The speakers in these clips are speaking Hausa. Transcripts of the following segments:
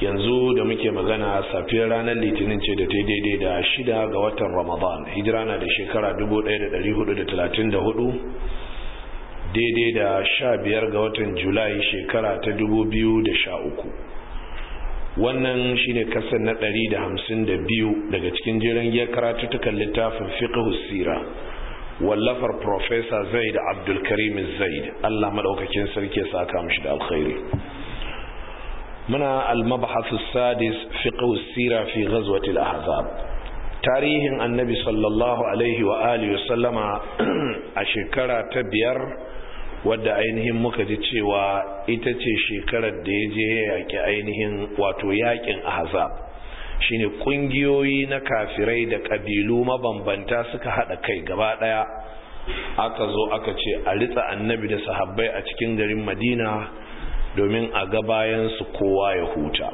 yanzu da muke magana safiyar ranar litinin ce da ta daidai da shida ga watan ramadan hijira na da shekara 1434 daidai da sha biyar ga watan julai shekara ta 2013 wannan shine kasar na 152 daga cikin jiran ya kalli littafin fiqhu sira wallafar professor zaid abdulkarim zaid allah maɗaukakin sarki ya saka mishi da alkhairi muna almabhasu sadis fiqhu sira fi ghazwatil ahzab tarihin annabi sallallahu alaihi wa alihi sallama a shekara ta biyar wadda ainihin muka ji cewa ita ce shekarar da ya je yaƙi ainihin wato yaƙin ahzab shine kungiyoyi na kafirai da ƙabilu mabambanta suka haɗa kai gaba ɗaya aka zo aka ce a ritsa annabi da sahabbai a cikin garin madina domin a ga bayan su kowa ya huta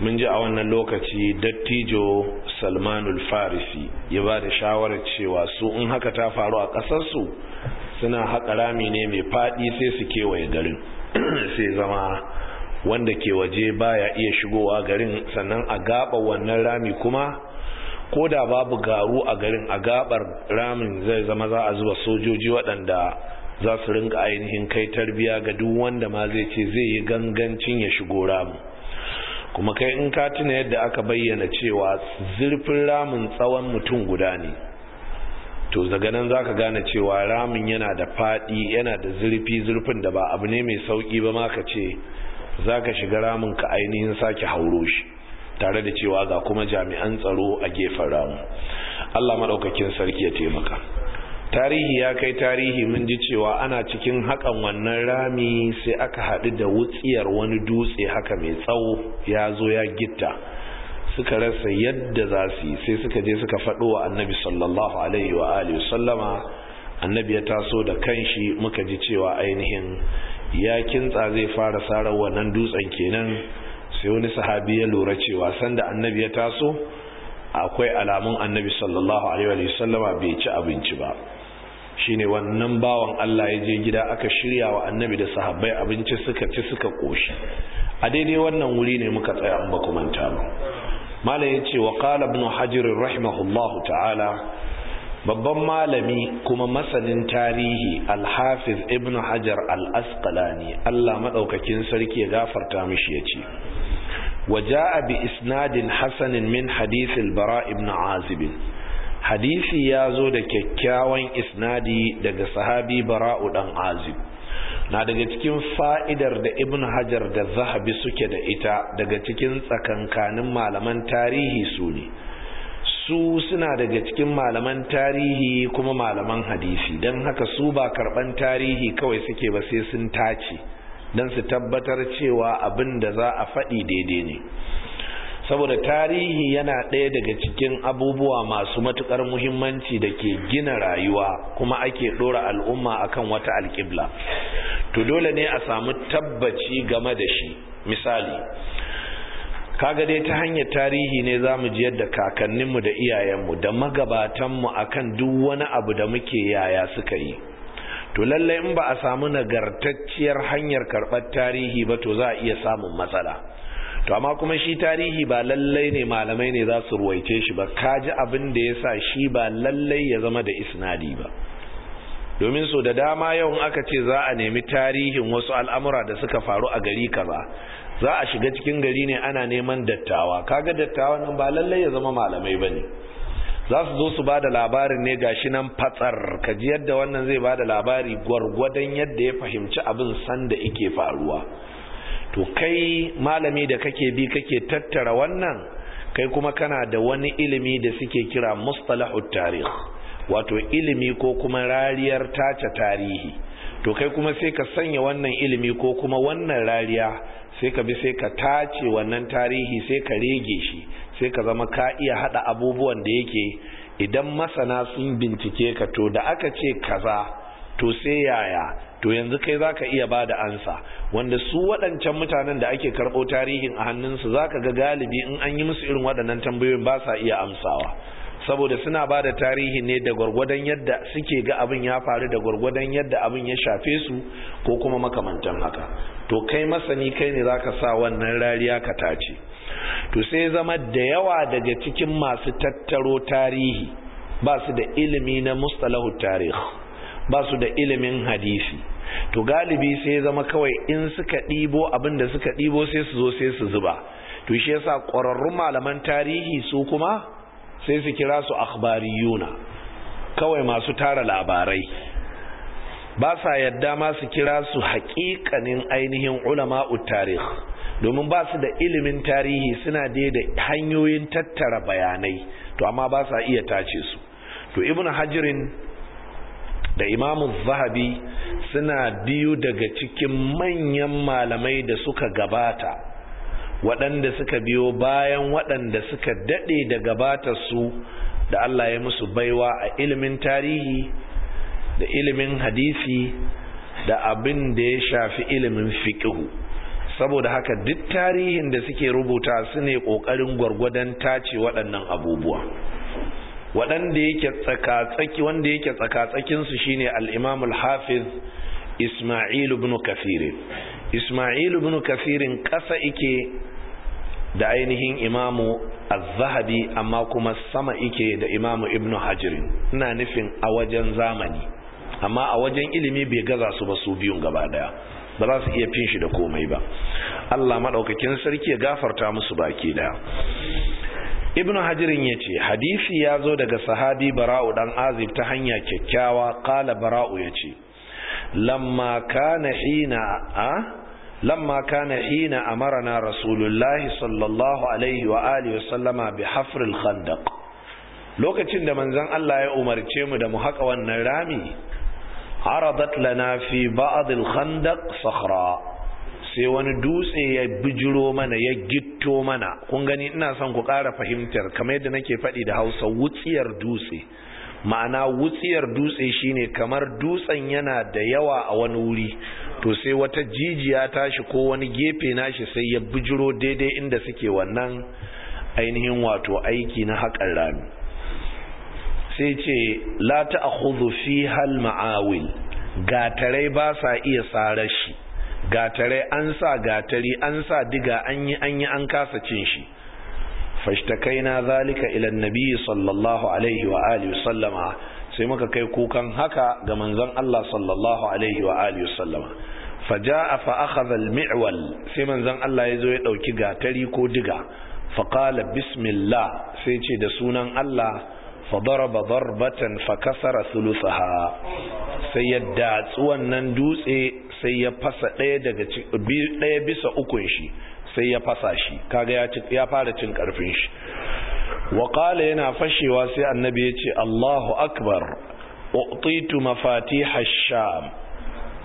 mun ji a wannan lokaci dattijo salmanul farisi ya ba da shawarar cewa su in haka ta faru a ƙasarsu suna haƙa rami ne mai faɗi sai su kewaye garin sai zama wanda ke waje baya iya shigowa garin sannan a gaba wannan rami kuma ko da babu garu a garin a gabar ramin zai zama za a zuba sojoji waɗanda za su rinka ainihin kai tarbiya ga duk wanda ma zai ce zai yi gangancin ya shigo ramu kuma kai in ka tuna yadda aka bayyana cewa zurfin ramin tsawon mutum guda ne to daga nan za ka gane cewa ramin yana da faɗi yana da zurfi zurfin da ba abu ne mai sauƙi ba ma ka ce za ka shiga ramin ka ainihin sake hauro shi tare da cewa ga kuma jami'an tsaro a gefen ramu allah maɗaukakin sarki ya taimaka tarihi ya kai tarihi mun ji cewa ana cikin hakan wannan rami sai aka haɗu da wutsiyar wani dutse haka mai tsawo ya zo ya gitta suka rasa yadda za su yi sai suka je suka faɗo wa annabi sallallahu alaihi wa alihi sallama annabi ya taso da kanshi muka ji cewa ainihin ya kintsa zai fara sarar wannan dutsen kenan sai wani sahabi ya lura cewa sanda annabi ya taso akwai alamun annabi sallallahu alaihi wa sallama bai ci abinci ba shine wannan bawan Allah ya je gida aka shirya wa annabi da sahabbai abinci suka ci suka koshi a daidai wannan wuri ne muka tsaya an baku manta ba malam ya ce wa qala ibn hajar rahimahullahu ta'ala babban malami kuma masanin tarihi al-hafiz ibn hajar al-asqalani Allah madaukakin sarki ya gafarta mishi yace وجاء بإسناد حسن من حديث البراء بن عازب hadisi ya zo da kyakkyawan isnadi daga sahabi bara'u dan azib na daga cikin fa'idar da ibn hajar da zahabi suke da ita daga cikin tsakankanin malaman tarihi su ne su suna daga cikin malaman tarihi kuma malaman hadisi don haka su ba karban tarihi kawai suke ba sai sun tace don su tabbatar cewa abin da za a faɗi daidai ne saboda tarihi yana ɗaya daga cikin abubuwa masu matuƙar muhimmanci da ke gina rayuwa kuma ake ɗora al'umma akan wata alƙibla to dole ne a samu tabbaci game da shi misali kaga dai ta hanyar tarihi ne za mu ji yadda kakanninmu da iyayenmu da magabatanmu akan duk wani abu da muke yaya suka yi to lallai in ba a samu nagartacciyar hanyar karɓar tarihi ba to za a iya samun matsala to amma kuma shi tarihi ba lallai ne malamai ne za su ruwaice shi ba ka ji abin da ya sa shi ba lallai ya zama da isnadi ba domin so da dama yawan aka ce za a nemi tarihin wasu al'amura da suka faru a gari kaza za a shiga cikin gari ne ana neman dattawa kaga dattawa nan ba lallai ya zama malamai bane ne za su zo su ba da labarin ne gashi nan fatsar ji yadda wannan zai ba da labari gwargwadon yadda ya fahimci abin sanda ike faruwa to kai malami da kake bi kake tattara wannan kai kuma kana da wani ilimi da suke kira mustalahut tarih wato ilimi ko kuma rariyar tace tarihi to kai kuma sai ka sanya wannan ilimi ko kuma wannan rariya sai ka bi sai ka tace wannan tarihi sai ka rege shi sai ka zama ka iya hada abubuwan da yake idan masana sun bincike ka to da aka ce kaza to sai yaya to yanzu kai za ka iya ba da ansa wanda su waɗancan mutanen da ake karɓo tarihin a hannunsu za ka ga galibi in an yi musu irin waɗannan tambayoyin ba sa iya amsawa saboda suna ba da tarihi ne da gwargwadon yadda suke ga abin ya faru da gwargwadon yadda abin ya shafe su ko kuma makamantan haka to kai masani kai ne za ka sa wannan rariya ka tace to sai zama da yawa daga cikin masu tattaro tarihi ba su da ilimi na mustalahu tarih ba su da ilimin hadisi to galibi sai zama kawai in suka ɗibo abin da suka ɗibo sai su zo sai su zuba to shi yasa ƙwararrun malaman tarihi su kuma sai su kira su akhbariyuna kawai masu tara labarai ba sa yadda ma su kira su haƙiƙanin ainihin ulama tarih domin ba su da ilimin tarihi suna dai da hanyoyin tattara bayanai to amma ba sa iya tace su to ibnu hajirin da imamu zahabi suna biyu daga cikin manyan malamai da suka gabata waɗanda suka biyo bayan waɗanda suka daɗe da su da Allah ya musu baiwa a ilimin tarihi da ilimin hadisi da abin da ya shafi ilimin fiƙihu saboda haka duk tarihin da suke rubuta su ne ƙoƙarin gwargwadon tace waɗannan abubuwa waɗanda yake tsakatsaki wanda yake tsakatsakin su shine al-Imam al-Hafiz Isma'il ibn Kathir Isma'il ibn Kathir kasa yake da ainihin imamu az-zahabi amma kuma sama ike da imamu Ibn hajirin ina nufin a wajen zamani amma a wajen ilimi bai gaza su ba su biyun gaba daya ba za su iya fin shi da komai ba Allah madaukakin sarki ya gafarta musu baki daya ibnu hajirin ya ce hadisi ya zo daga sahabi bara'u dan azib ta hanyar kyakkyawa kala bara'u ya ce lamma kana a marana rasulullahi sallallahu alaihi wa alihi wasallama bi lokacin da manzan allah ya umarce mu da mu haka wannan rami عرضت لنا fi بعض الخندق sakra. sai wani dutse ya bijiro mana ya gitto mana kun gani ina son ku ƙara fahimtar kamar yadda nake faɗi da hausa wutsiyar dutse ma'ana wutsiyar dutse shine kamar dutsen yana da yawa a wani wuri to sai wata jijiya ta shi ko wani gefe nashi sai ya bijiro daidai inda suke wannan ainihin wato aiki na haƙar rami sai ce la ta'khudhu fi hal maawil gatarai ba sa iya sarar shi gatare an sa gatari an sa diga an yi an yi an kasa cin shi na zalika ilan annabi sallallahu alaihi wa alihi sallama sai muka kai kukan haka ga manzon Allah sallallahu alaihi wa alihi sallama faja'a fa akhadha al-mi'wal sai manzon Allah ya zo ya ɗauki gatari ko diga fa bismillah sai ce da sunan Allah fadaraba darbatan fakasara sulusaha sai ya datsu wannan dutse sai ya fasa ɗaya daga ɗaya bisa ukun shi sai ya fasa shi kaga ya fara cin karfin shi waƙala yana fashewa sai annabi ya ce allahu akbar uqtitu mafatihash sham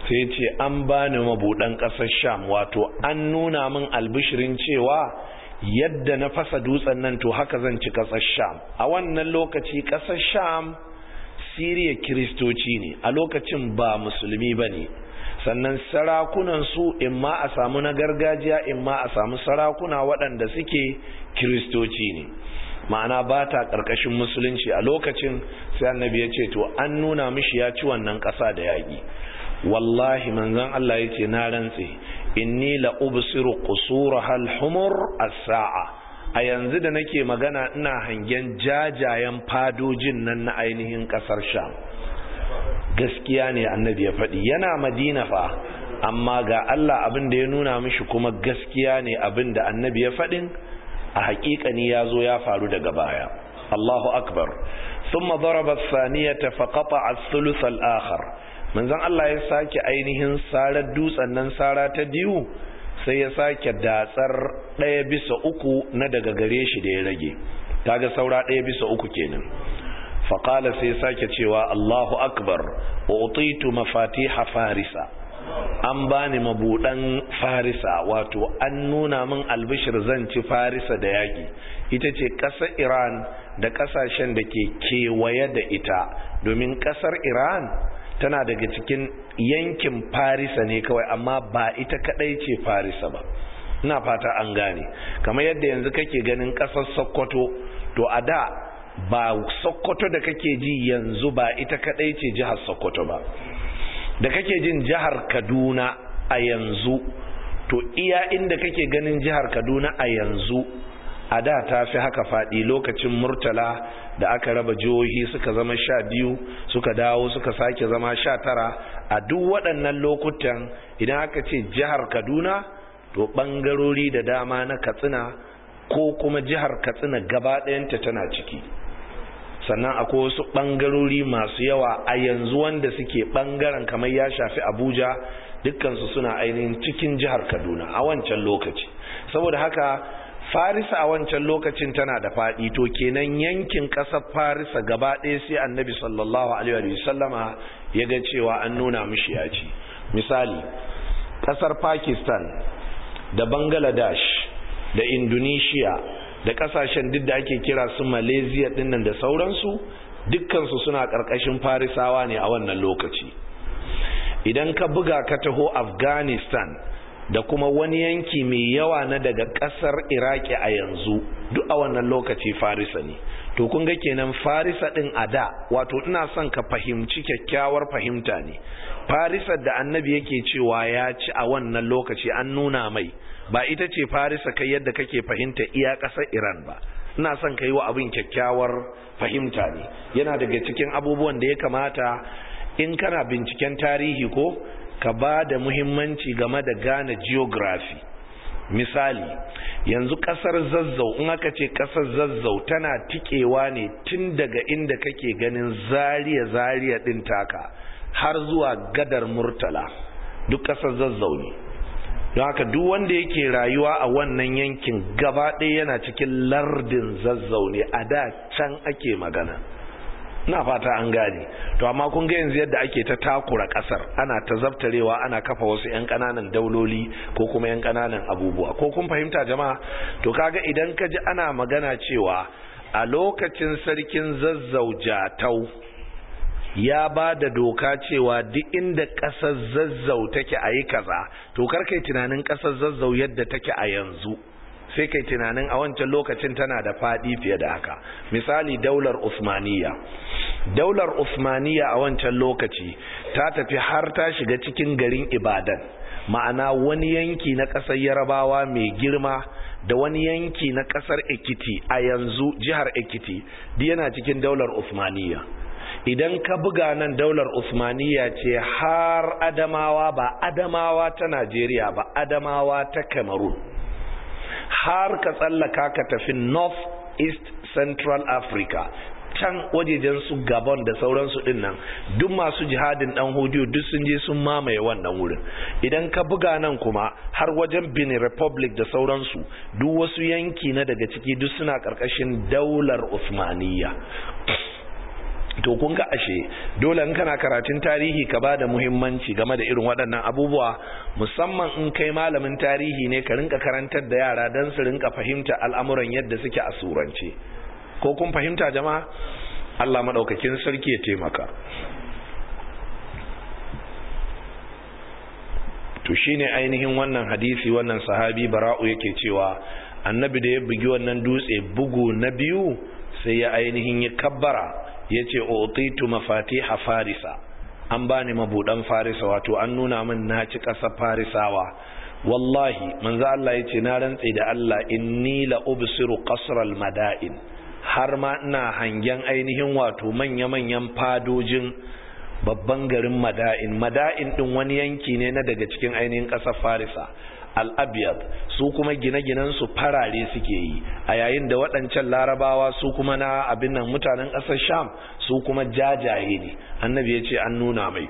sai ce an bani mabudan ƙasar sham wato an nuna min albishirin cewa yadda na fasa dutsen nan to haka zan ci ƙasar sham a wannan lokaci ƙasar sham siriya kiristoci ne a lokacin ba musulmi ba ne sannan sarakunan su ma a samu na gargajiya in ma a samu sarakuna waɗanda suke kiristoci ne ma'ana ba ta ƙarƙashin musulunci a lokacin sai annabi ya ce to an nuna mishi ya ci wannan ƙasa da yaƙi wallahi manzon Allah ya ce na rantse inni la ubsiru qusuraha hal humur a saa a yanzu da nake magana ina hangen jajayen fadojin nan na ainihin ƙasar sham gaskiya ne annabi ya faɗi yana madina fa amma ga Allah abin da ya nuna mishi kuma gaskiya ne abin da annabi ya faɗin a haƙiƙani ya zo ya faru daga baya Allahu akbar thumma daraba thaniyata fa qata'a ath-thuluth al-akhar manzon Allah ya sake ainihin sarar dutsen nan sara ta biyu sai ya sake datsar ɗaya bisa uku na daga gare shi da ya rage kaga saura ɗaya bisa uku kenan faƙala sai sake cewa allahu akbar utitu mafatiha farisa an bani mabuɗan farisa wato an nuna min albishir zan ci farisa da yaƙi ita ce ƙasa iran da ƙasashen da ke kewaye da ita domin ƙasar iran tana daga cikin yankin farisa ne kawai amma ba ita kaɗai ce farisa ba ina fata an gane kamar yadda yanzu kake ganin ƙasar sokoto to a da ba sokoto da kake ji yanzu ba ita kadai ce jihar sokoto ba da kake jin jihar kaduna a yanzu to iya inda kake ganin jihar kaduna a yanzu a da ta fi haka fadi lokacin murtala da aka raba jihohi suka zama sha biyu suka dawo suka sake zama sha tara a duk waɗannan lokutan idan aka ce jihar kaduna to ɓangarori da dama na katsina ko kuma jihar katsina gaba ɗayanta tana ciki sannan akwai wasu ɓangarori masu yawa a yanzu wanda suke ɓangaren kamar ya shafi abuja dukkansu suna ainihin cikin jihar kaduna a wancan lokaci saboda haka farisa a wancan lokacin tana da faɗi to kenan yankin ƙasar farisa gaba ɗaya sai annabi sallallahu alaihi wasallama ya ga cewa an nuna mishi yaci misali ƙasar pakistan da bangladesh da indonesia da kasashen duk da ake kira su malaysia dinnan da sauransu dukkansu suna ƙarƙashin farisawa ne a wannan lokaci idan ka buga ka taho afghanistan da kuma wani yanki mai yawa na daga kasar iraki a yanzu duk a wannan lokaci farisa ne to kun ga kenan farisa din a da wato ina son ka fahimci kyakkyawar fahimta ne farisa da annabi yake cewa ya ci a wannan lokaci an nuna mai ba ita ce farisa kai yadda kake fahimta iya ƙasar iran ba ina son ka yi wa abin kyakkyawar fahimta ne yana daga cikin abubuwan da ya kamata in kana binciken tarihi ko ka ba da muhimmanci game da gane geography misali yanzu ƙasar zazzau in aka ce ƙasar zazzau tana tikewa ne tun daga inda kake ganin zariya zariya ɗin taka har zuwa gadar murtala duk ƙasar zazzau ne don haka duk wanda yake rayuwa a wannan yankin gaba ɗaya yana cikin lardin zazzau ne a da can ake magana na fata an gane to amma kun ga yanzu yadda ake ta takura kasar ana ta zabtarewa ana kafa wasu yan kananan dauloli ko kuma yan kananan abubuwa ko kun fahimta jama'a to kaga idan ka ji ana magana cewa a lokacin sarkin zazzau jatau ya ba da doka cewa duk inda ƙasar zazzau take a yi kaza to kar kai tunanin ƙasar zazzau yadda take a yanzu sai kai tunanin a wancan lokacin tana da faɗi fiye da haka misali daular usmaniya daular usmaniya a wancan lokaci ta tafi har ta shiga cikin garin ibadan ma'ana wani yanki na ƙasar yarabawa mai girma da wani yanki na ƙasar ekiti a yanzu jihar ekiti yana cikin daular usmaniya idan ka buga nan daular usmaniya ce har adamawa ba adamawa ta najeriya ba adamawa ta cameroon har ka tsallaka ka tafi north east central africa can wajejen su gabon da sauransu din nan duk masu jihadin dan hudu duk sun je sun mamaye wannan wurin idan ka buga nan kuma har wajen benin republic da sauransu duk wasu yanki na daga ciki duk suna karkashin daular usmaniya to kun ga ashe dole in kana karatun tarihi ka bada muhimmanci game da irin waɗannan abubuwa musamman in kai malamin tarihi ne ka rinka karantar da yara don su rinka fahimta al'amuran yadda suke a surance ko kun fahimta jama'a Allah maɗaukakin sarki ya taimaka to shine ainihin wannan hadisi wannan sahabi bara'u yake cewa annabi da ya bugi wannan dutse bugu na biyu sai ya ainihin ya kabbara yace utitu mafatiha farisa an bani mabudan farisa wato an nuna min na ci ƙasa farisawa wallahi manzo Allah yace na rantsi da Allah inni la ubsiru qasral madain har ma ina hangen ainihin wato manya-manyan fadojin babban garin mada'in mada'in din wani yanki ne na daga cikin ainihin ƙasar farisa al-abyad su kuma gine-ginen su farare suke yi a yayin da waɗancan larabawa su kuma na abin nan mutanen ƙasar sham su kuma jajaye ne annabi ya ce an nuna mai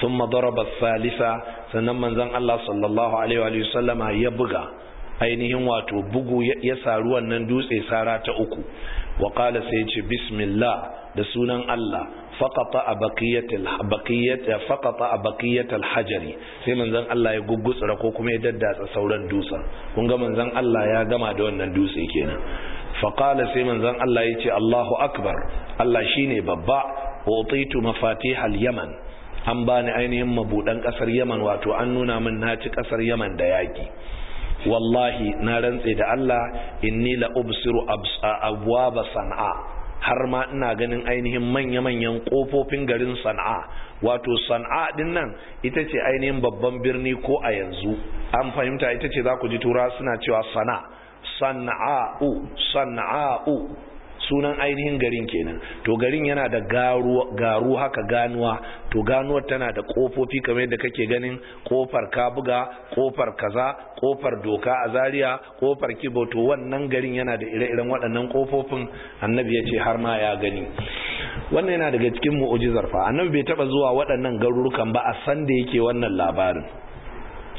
sun ضرب Salisa sannan manzon Allah sallallahu alaihi wa ya buga ainihin wato bugu ya saru wannan dutse sara ta uku wa qala sai ce bismillah da sunan Allah faqata a baqiyat hajari sai manzon Allah ya guggutsura ko kuma ya daddatsa sauran dutsen kun ga manzon Allah ya gama da wannan dutse kenan faqala sai manzon Allah ya ce Allahu akbar Allah shine babba utitu mafatihal yaman an bani ainihin mabuɗan ƙasar yaman wato an nuna min na ci ƙasar yaman da yaƙi. wallahi na rantse da Allah inni la ubsiru abwaba sana'a. har ma ina ganin ainihin manya-manyan kofofin garin sana'a wato sana'a din nan ita ce ainihin babban birni ko a yanzu an fahimta ita ce za ku ji tura suna cewa sana'a sana'a'u sana'a'u sunan ainihin garin kenan to garin yana da garu haka ganuwa to ganuwar tana da kofofi kamar yadda kake ganin kofar kabuga kofar kaza kofar doka a zaria kofar kibo to wannan garin yana da ire-iren waɗannan kofofin annabi ya ce har ma ya gani wannan yana daga cikin mu'ujizar fa annabi bai taba zuwa waɗannan garurukan ba a san da yake wannan labarin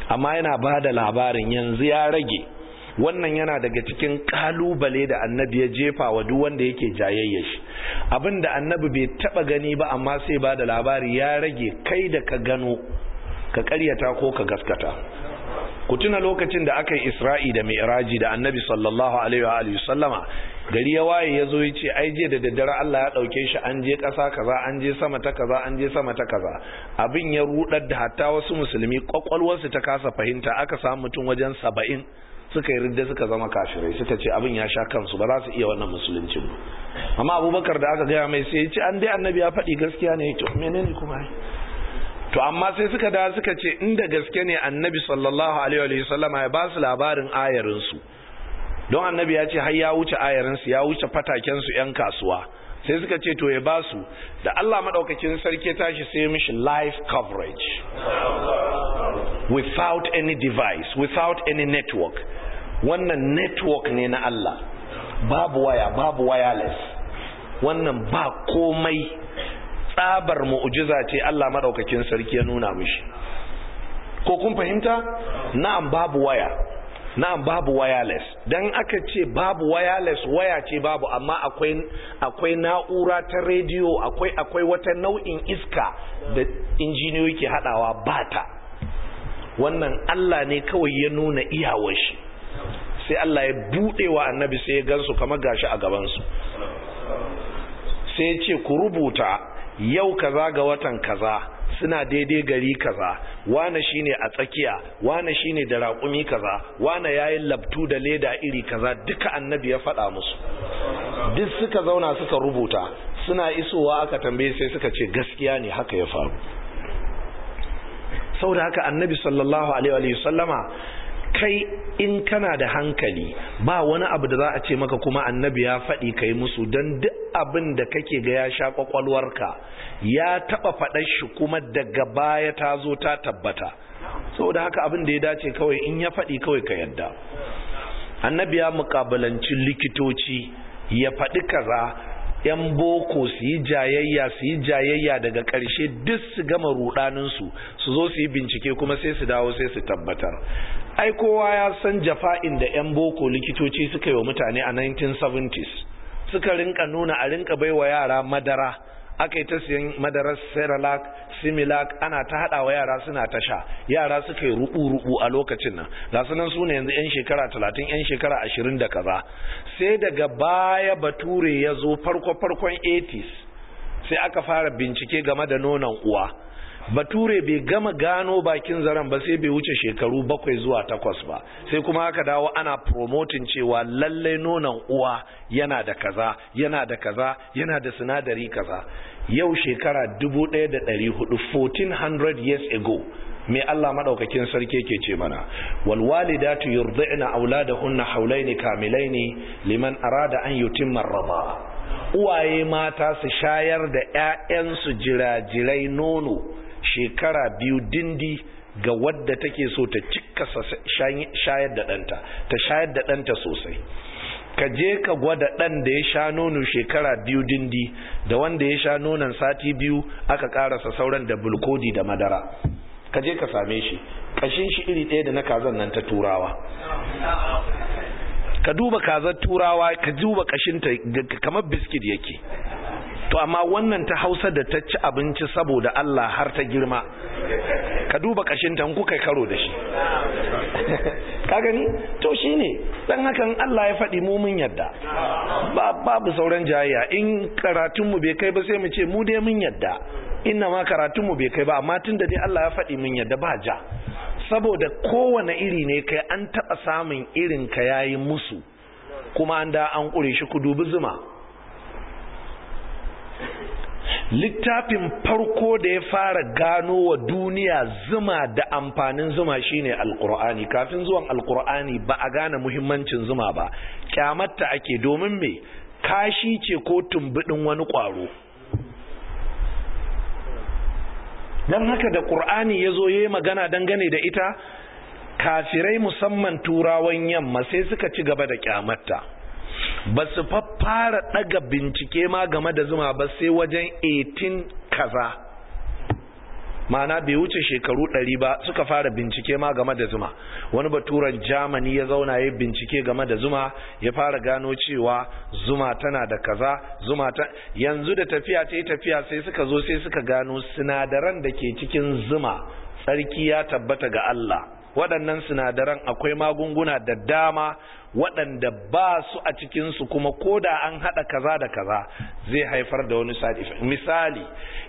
amma yana ba da labarin yanzu ya rage wannan yana daga cikin kalubale da annabi ya jefa wa duk wanda yake jayayya shi abin da annabi bai taba gani ba amma sai ba da labari ya rage kai da ka gano ka karyata ko ka gaskata ku tuna lokacin da aka yi isra'i da mi'raji da annabi sallallahu alaihi wa alihi sallama gari ya waye ya zo ya ce ai je da daddare Allah ya dauke shi an je ƙasa kaza an je sama ta kaza an je sama ta kaza abin ya rudar da hatta wasu musulmi kwakwalwarsu ta kasa fahimta aka samu mutum wajen saba'in suka yi ridda suka zama kashirai suka ce abin ya sha kansu ba za su iya wannan musulunci ba amma abubakar da aka gaya mai sai ya ce an dai annabi ya faɗi gaskiya ne to menene kuma to amma sai suka da suka ce inda gaske ne annabi sallallahu alaihi wa sallama ya ba su labarin ayarin su don annabi ya ce har ya wuce ayarin su ya wuce fataken su yan kasuwa sai suka ce to ya ba su da Allah madaukakin sarki tashi sai ya mishi live coverage without any device without any network wannan network ne na Allah babu waya babu wireless wannan ba komai tsabar mu'jiza ce Allah madaukakin sarki ya nuna mishi ko kun fahimta na'am babu waya na'am babu wireless dan aka ce babu wireless waya ce babu amma akwai akwai na'ura ta radio akwai akwai wata nau'in iska da injiniyoyi ke hadawa bata wannan Allah ne kawai ya nuna iyawar shi sai Allah ya buɗe wa annabi sai ya gansu kamar gashi a gabansu sai ya ce ku rubuta yau kaza ga watan kaza suna daidai gari kaza wane shine a tsakiya wane shine da raƙumi kaza wane yayin labtu da leda iri kaza duka annabi ya faɗa musu duk suka zauna suka rubuta suna isowa aka tambaye sai suka ce gaskiya ne haka ya faru Sau da haka annabi sallallahu alaihi wa sallama kai in kana da hankali ba wani abu da za a ce maka kuma annabi ya faɗi ka yi musu don duk abin da kake ga ya sha kwakwalwarka ya taɓa faɗar shi kuma daga baya ta zo ta tabbata saboda haka abin da ya dace kawai in ya faɗi kawai ka yadda annabi ya muƙabalanci likitoci ya faɗi kaza yan boko su yi jayayya su yi jayayya daga ƙarshe duk su gama rudaninsu su zo su yi bincike kuma sai su dawo sai su tabbatar ai kowa ya san jafa'in da 'yan boko likitoci suka yi wa mutane a 1970s suka rinka nuna a rinka baiwa yara madara aka yi ta siyan madarar cerelac similac ana ta hada wa yara suna ta sha yara suka yi rubu-rubu a lokacin nan ga su nan ne yanzu 'yan shekara 30 'yan shekara 20 da kaza sai daga baya bature ya zo farko-farkon 80s sai aka fara bincike game da nonon uwa bature bai gama gano bakin zaren ba sai bai wuce shekaru bakwai zuwa takwas ba sai kuma aka dawo ana promotin cewa lallai nonon uwa yana da kaza yana da kaza yana da sinadari kaza yau shekara 1400 years ago mai Allah maɗaukakin sarki ke ce mana da walidatu yurdina auladahunna haulaini kamilaini liman arada an yutimma ar uwaye mata su shayar da ƴaƴansu jirai nono shekara biyu dindi ga wadda take so ta cika shayar da ɗanta ta shayar da ɗanta sosai ka je ka gwada ɗan da ya sha nono shekara biyu dindi da wanda ya sha nonon sati biyu aka ƙarasa sauran da bulkodi da madara ka je ka same shi ƙashin shi iri ɗaya da na kazan nan ta turawa ka duba kazar turawa ka duba ƙashinta kamar biskit yake to amma wannan ta hausa da ta ci abinci saboda Allah har ta girma ka duba kashin ta kuka karo da shi ka gani to shine dan hakan Allah ya faɗi mu mun yadda babu sauran jayayya in karatun mu bai kai ba sai mu ce mu dai mun yadda inna ma karatun bai kai ba amma tunda dai Allah ya faɗi mun yadda ba ja saboda kowane iri ne kai an taɓa samun irin ka yayi musu kuma an da an ƙure shi ku dubi zuma littafin farko da ya fara gano wa duniya zuma da amfanin zuma shine alkur'ani kafin zuwan alkur'ani ba a gane muhimmancin zuma ba kyamatta ake domin me kashi ce ko tumbudin wani kwaro don haka da ƙur'ani ya zo ya yi magana dangane da ita kafirai musamman turawan yamma sai suka ci gaba da kyamatta ba su fara daga bincike ma game da zuma ba sai wajen 18 kaza ma'ana bai wuce shekaru 100 ba suka fara bincike ma game da zuma wani baturan germany ya zauna ya bincike game da zuma ya fara gano cewa zuma tana da kaza zuma ta yanzu da tafiya ta tafiya sai suka zo sai suka gano sinadaran da ke cikin zuma tsarki ya tabbata ga Allah waɗannan sinadaran akwai magunguna da dama waɗanda ba su a cikinsu kuma ko da an haɗa kaza da kaza zai haifar da wani side misali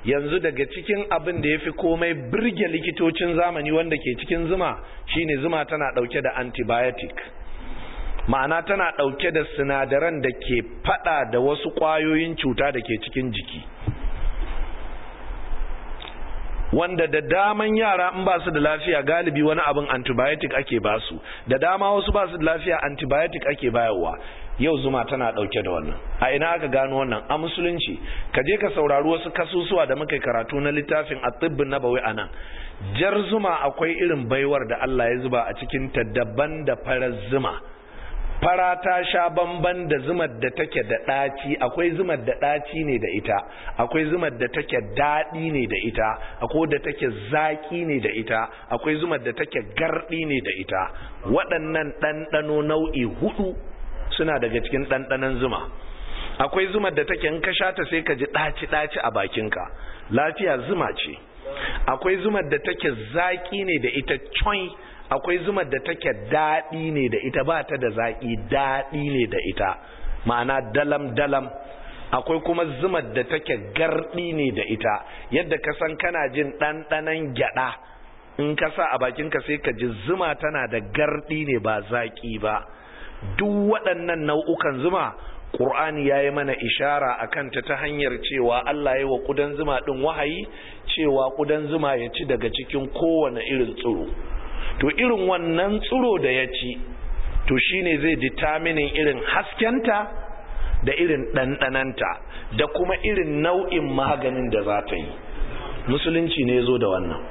yanzu daga cikin abin da ya fi komai birge likitocin zamani wanda ke cikin zuma shine zuma tana ɗauke da antibiotic ma'ana tana ɗauke da sinadaran da ke faɗa da wasu ƙwayoyin cuta da ke cikin jiki wanda da daman yara in ba su da lafiya galibi wani abin antibiotic ake ba su da dama wasu ba su da lafiya antibiotic ake bayarwa yau zuma tana dauke da wannan a ina aka gano wannan a musulunci ka je ka saurari wasu kasusuwa da muka karatu na littafin at-tibb a nan. jar zuma akwai irin baiwar da Allah ya zuba a cikin ta daban da farar zuma fara ta sha bamban da zumar da take da ɗaci akwai zumar da ɗaci ne da ita akwai zumar da take daɗi ne da ita akwai da take zaƙi ne da ita akwai zumar da take garɗi ne da ita waɗannan ɗanɗano nau'i hudu suna daga cikin ɗanɗanon zuma akwai zumar da take in ka sha ta sai ka ji ɗaci ɗaci a bakinka lafiya zuma ce akwai zumar da take zaƙi ne da ita coin akwai zuma da take daɗi ne da ita ba ta da zaƙi daɗi ne da ita ma'ana dalam dalam akwai kuma zumar da take garɗi ne da ita yadda ka san kana jin ɗanɗanan gyaɗa in ka sa a bakinka sai ka ji zuma tana da garɗi ne ba zaƙi ba duk waɗannan nau'ukan zuma Qur'ani ya yi mana ishara a kanta ta hanyar cewa Allah ya wa ƙudan zuma ɗin wahayi cewa ƙudan zuma ya ci daga cikin kowane irin tsiro to irin wannan tsiro da ya ci to shine zai determinin irin haskenta da irin ɗanɗananta da kuma irin nau'in maganin da za ta yi musulunci ne zo da wannan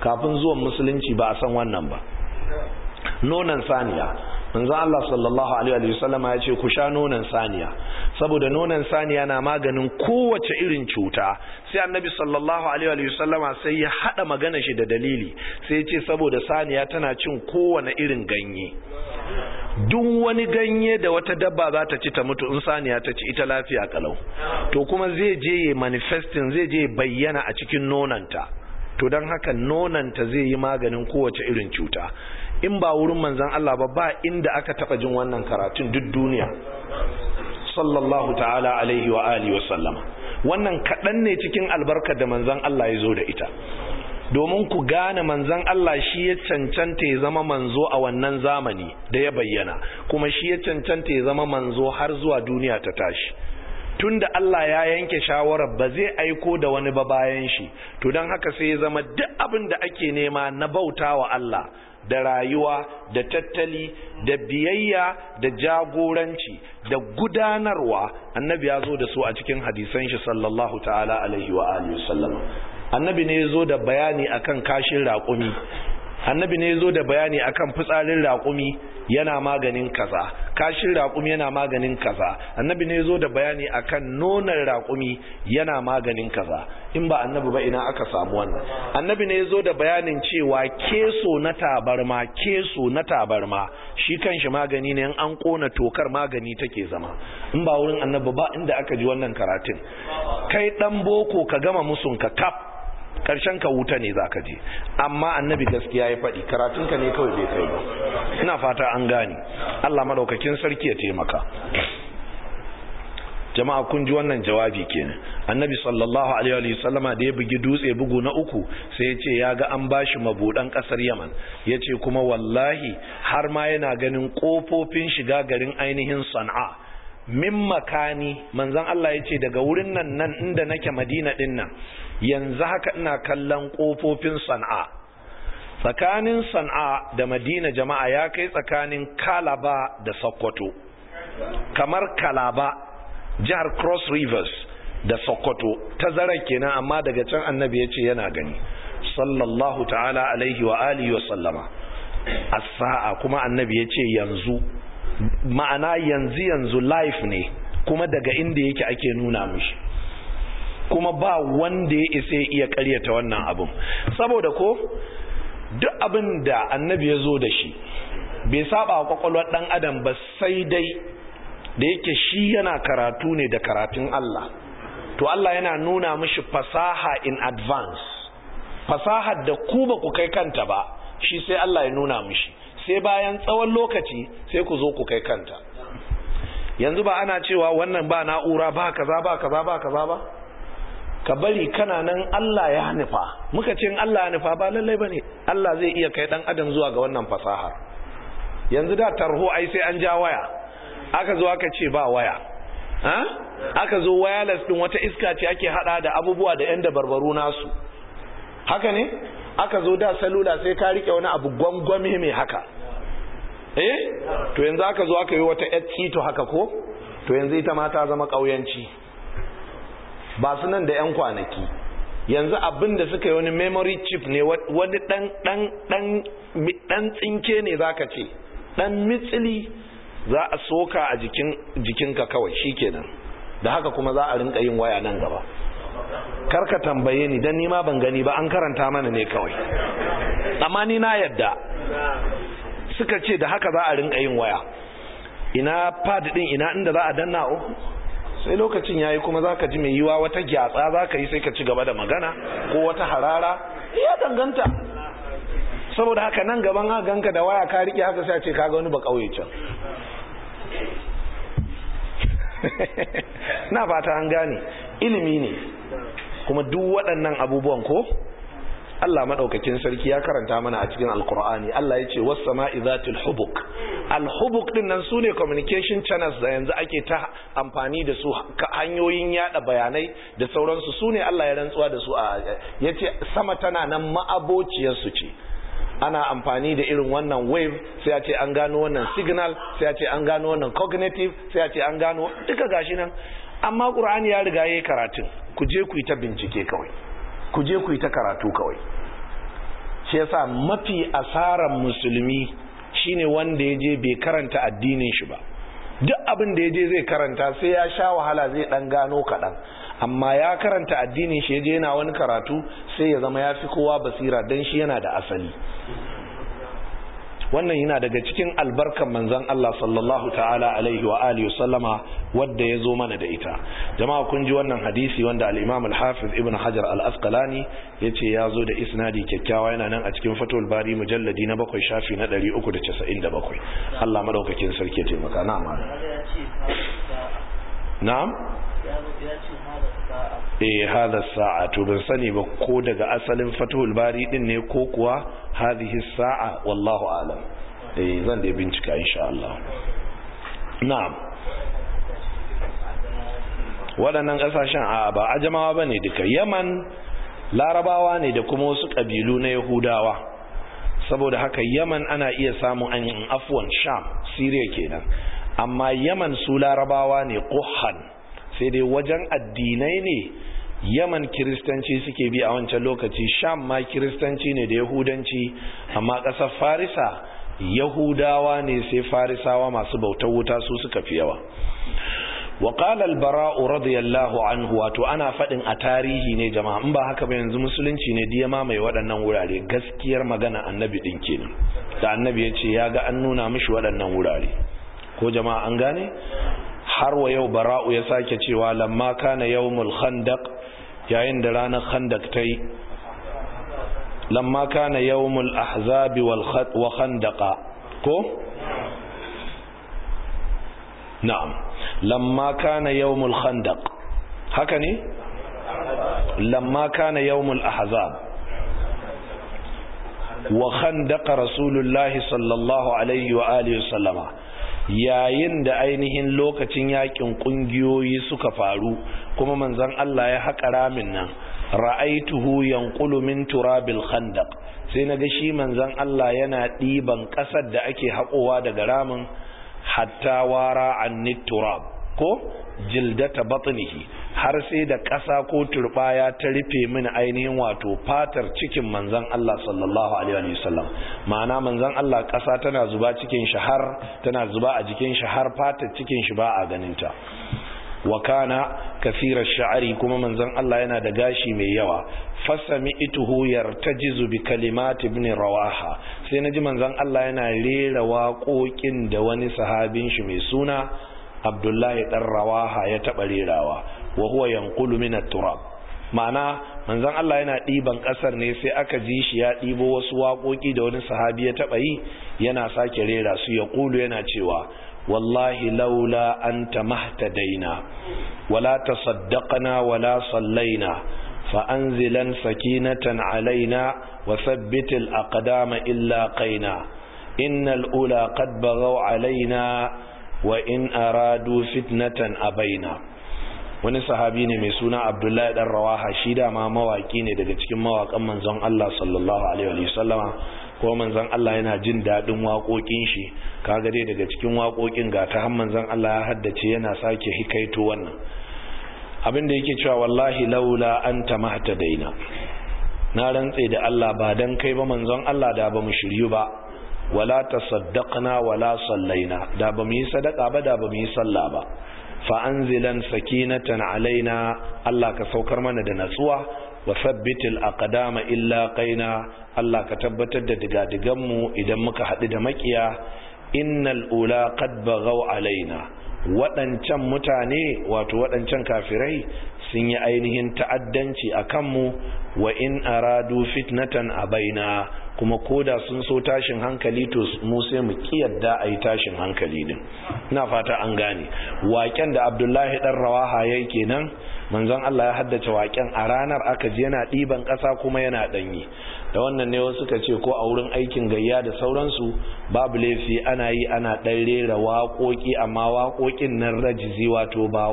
kafin zuwan musulunci ba a san wannan ba nonon saniya manzo Allah sallallahu alaihi wa sallama ya ce ku sha nonon saniya saboda nonon saniya na maganin kowace irin cuta sai annabi sallallahu alaihi wa sallama sai ya hada magana shi da dalili sai ya ce saboda saniya tana cin kowane irin ganye duk wani ganye da wata dabba za ta ci ta mutu in saniya ta ci ita lafiya kalau to kuma zai je ya manifestin zai je bayyana a cikin nonanta to don haka nonanta zai yi maganin kowace irin cuta in ba wurin manzan Allah ba ba inda aka taba jin wannan karatun duk duniya sallallahu ta'ala alaihi wa alihi wa sallama wannan kaɗan ne cikin albarka da manzan Allah ya zo da ita domin ku gane manzan Allah shi ya cancanta ya zama manzo a wannan zamani da ya bayyana kuma shi ya cancanta ya zama manzo har zuwa duniya ta tashi tunda Allah ya yanke shawarar ba zai aiko da wani ba bayan shi to don haka sai ya zama duk abin da ake nema na bauta wa Allah da rayuwa da tattali da biyayya da jagoranci da gudanarwa annabi ya zo da su a cikin hadisan shi sallallahu ta'ala alaihi wa alihi annabi ne ya zo da bayani akan kashin raƙumi annabi ne zo da bayani akan fitsarin raƙumi yana maganin kaza kashin raƙumi yana maganin kaza annabi ne zo da bayani akan nonon raƙumi yana maganin kaza in ba annabi ba ina aka samu wannan annabi ne zo da bayanin cewa keso na tabarma keso na tabarma shi kanshi magani ne in an kona tokar magani take zama in ba wurin annabi ba inda aka ji wannan karatun kai dan boko ka gama musun ka kaf karshen ka wuta ne za ka je amma annabi gaskiya ya faɗi karatun ka ne kawai bai kai ba ina fata an gane Allah madaukakin sarki ya taimaka jama'a kun ji wannan jawabi kenan annabi sallallahu alaihi wa sallama da ya bugi dutse bugu na uku sai ya ce ya ga an bashi mabudan kasar yaman ya ce kuma wallahi har ma yana ganin kofofin shiga garin ainihin sana'a min makani manzan Allah ya ce daga wurin nan nan inda nake madina din nan yanzu haka ina kallon ƙofofin sana'a tsakanin sana'a da madina jama'a ya kai tsakanin kalaba da sokoto kamar kalaba jihar cross rivers da sokoto tazarar kenan amma daga can annabi ya ce yana gani sallallahu ta'ala alaihi wa alihi wa sallama a saa kuma annabi ya ce yanzu ma'ana yanzu yanzu life ne kuma daga inda yake ake nuna mishi kuma ba wanda ya isa iya karyata wannan abin saboda ko duk abin da annabi ya zo da shi bai saba wa kwakwalwar dan adam ba sai dai da yake shi yana karatu ne da karatun Allah to Allah yana nuna mishi fasaha in advance fasahar da ku ba ku kai kanta ba shi sai Allah ya nuna mishi sai bayan tsawon lokaci sai ku zo ku kai kanta yanzu ba ana cewa wannan ba na'ura ba kaza ba kaza ba kaza ba ka bari kana nan Allah ya nufa muka ce Allah ya nufa ba lallai bane Allah zai iya kai dan adam zuwa ga wannan fasaha yanzu da tarho ai sai an ja waya aka zo aka ce ba waya ha aka zo wireless din wata iska ce ake hada da abubuwa da yan dabarbaru nasu haka ne aka zo da salula sai ka rike wani abu gwangwame mai haka eh to yanzu aka zo aka yi wata to haka ko to yanzu ita ma ta zama kauyanci ba su nan da 'yan kwanaki yanzu abin da suka yi wani memory chip ne wani ɗan tsinke ne zaka ce dan mitsili za a soka a jikinka kawai shikenan da haka kuma za a rinka yin waya nan gaba karka tambaye ni dan nima ban gani ba an karanta mana ne kawai amma ni na yadda suka ce da haka za a rinka yin waya ina pad din ina inda za a danna o sai lokacin yayi kuma zaka ji mai yiwa wata gyatsa zaka yi sai ka ci gaba da magana ko wata harara ya danganta saboda haka nan gaban haka ganka da waya ka riƙe haka sai a ce ga wani ba ƙauye can na fata an gane ilimi ne kuma duk waɗannan abubuwan ko Allah madaukakin sarki ya karanta mana a cikin alkur'ani Allah ya ce wasu sama'i zatil hubuk al hubuk din nan sune communication channels da yanzu ake ta amfani da su hanyoyin yada bayanai da sauransu sune Allah ya rantsuwa da su a yace sama tana nan ma'abociyar su ce ana amfani da irin wannan wave sai a ce an gano wannan signal sai a ce an gano wannan cognitive sai a ce an gano duka gashi nan amma ƙur'ani ya riga ya yi karatun ku je ku yi ta bincike kawai ku je ku yi ta karatu kawai shi yasa mafi asaran musulmi shine wanda ya je bai karanta addinin shi ba duk abin da ya je zai karanta sai ya sha wahala zai dan gano kaɗan amma ya karanta addinin shi ya je yana wani karatu sai ya zama ya fi kowa basira don shi yana da asali wannan yana daga cikin albarkan manzon Allah sallallahu ta'ala alaihi wa alihi sallama ya zo mana da ita jama'a kun ji wannan hadisi wanda al-Imam al-Hafiz Ibn Hajar al-Asqalani ya zo da isnadi kyakkyawa yana nan a cikin Fathul Bari mujalladi na bakwai shafi na 397 Allah madaukakin sarki ya taimaka na'am na'am eh hada sa'a to ban sani ba ko daga asalin fatuhul bari din ne ko kuwa hadhihi sa'a wallahu alam eh zan da bincika insha Allah na'am waɗannan ƙasashen a ba a jama'a ba ne duka yaman larabawa ne da kuma wasu ƙabilu na yahudawa saboda haka yaman ana iya samun an afwan sham siriya kenan amma yaman su larabawa ne ƙuhan sai dai wajen addinai ne yaman kiristanci suke bi a wancan lokaci sham ma kiristanci ne da yahudanci amma ƙasar farisa yahudawa ne sai farisawa masu bautar wuta su suka fi yawa وقال البراء رضي الله عنه wato ana fadin a tarihi ne jama'a in ba haka ba yanzu musulunci ne da ya mamaye waɗannan wurare gaskiyar magana annabi din kenan da annabi ya ce ya ga an nuna mishi waɗannan wurare ko jama'a an gane har wa yau bara'u ya sake cewa lamma kana yawmul khandaq yayin da ranar khandaq ta lamma kana yawmul ahzabi wal wa khandaqa ko na'am lamma kana yawmul khandaq haka ne lamma kana yawmul ahzab wa khandaqa rasulullahi sallallahu alaihi wa alihi wasallama yayin da ainihin lokacin yakin kungiyoyi suka faru kuma manzon Allah ya haƙa ramin nan ra'aituhu yanqulu min turabil khandaq sai naga shi manzon Allah yana ɗiban ƙasar da ake haƙowa daga ramin hatta wara an turab ko jildata batnihi har sai da ƙasa ko turbaya ta rufe mini ainihin wato fatar cikin manzan Allah sallallahu alaihi wasallam ma'ana manzan Allah ƙasa tana zuba cikin shi tana zuba a jikin shi har fatar cikin shi ba a ganinta wa kana kafirar sha'ari kuma manzan Allah yana da gashi mai yawa fasami ituhu yartajizu bi kalimat ibn rawaha sai na ji manzan Allah yana rera waƙoƙin da wani sahabin shi mai suna Abdullahi ɗan rawaha ya taɓa rerawa wa huwa yanqulu min at-turab ma'ana manzon Allah yana ɗiban ƙasar ne sai aka ji shi ya ɗibo wasu waƙoƙi da wani sahabi ya taɓa yi yana sake rera su ya yana cewa wallahi laula anta mahtadaina wala tasaddaqna wala sallaina fa anzilan sakinatan alaina wa thabbitil aqdama illa qaina innal ula qad baghaw alaina wa in aradu fitnatan abaina wani sahabi ne mai suna abdullahi dan rawaha shi dama mawaki ne daga cikin mawakan manzon Allah sallallahu alaihi wa sallama ko manzon Allah yana jin dadin waƙoƙin shi kaga dai daga cikin waƙoƙin ga ta manzon Allah ya haddace yana sake hikaito wannan abin da yake cewa wallahi laula anta mahtadaina na rantse da Allah ba dan kai ba manzon Allah da ba mu shiryu ba wala tasaddaqna wala sallaina da ba mu yi sadaka ba da ba mu yi sallah ba fa'anzilan sakinatan alaina Allah ka saukar mana da natsuwa wa sabbitil aqdama illa qaina Allah ka tabbatar da digadigan mu idan muka haɗu da makiya innal ula qad baghaw alaina waɗancan mutane wato waɗancan kafirai sun yi ainihin ta'addanci a kanmu wa in aradu fitnatan a baina kuma koda sun so tashin hankali to mu sai mu kiyarda a yi tashin hankali din ina fata an gane waken da abdullahi dan rawaha yake nan. manzon Allah ya haddace waken a ranar aka je yana ɗiban ƙasa kuma yana ɗanyi da wannan ne wasu suka ce ko a wurin aikin gayya da sauransu babu laifi ana yi ana ɗan rera waƙoƙi amma waƙoƙin nan rajizi wato ba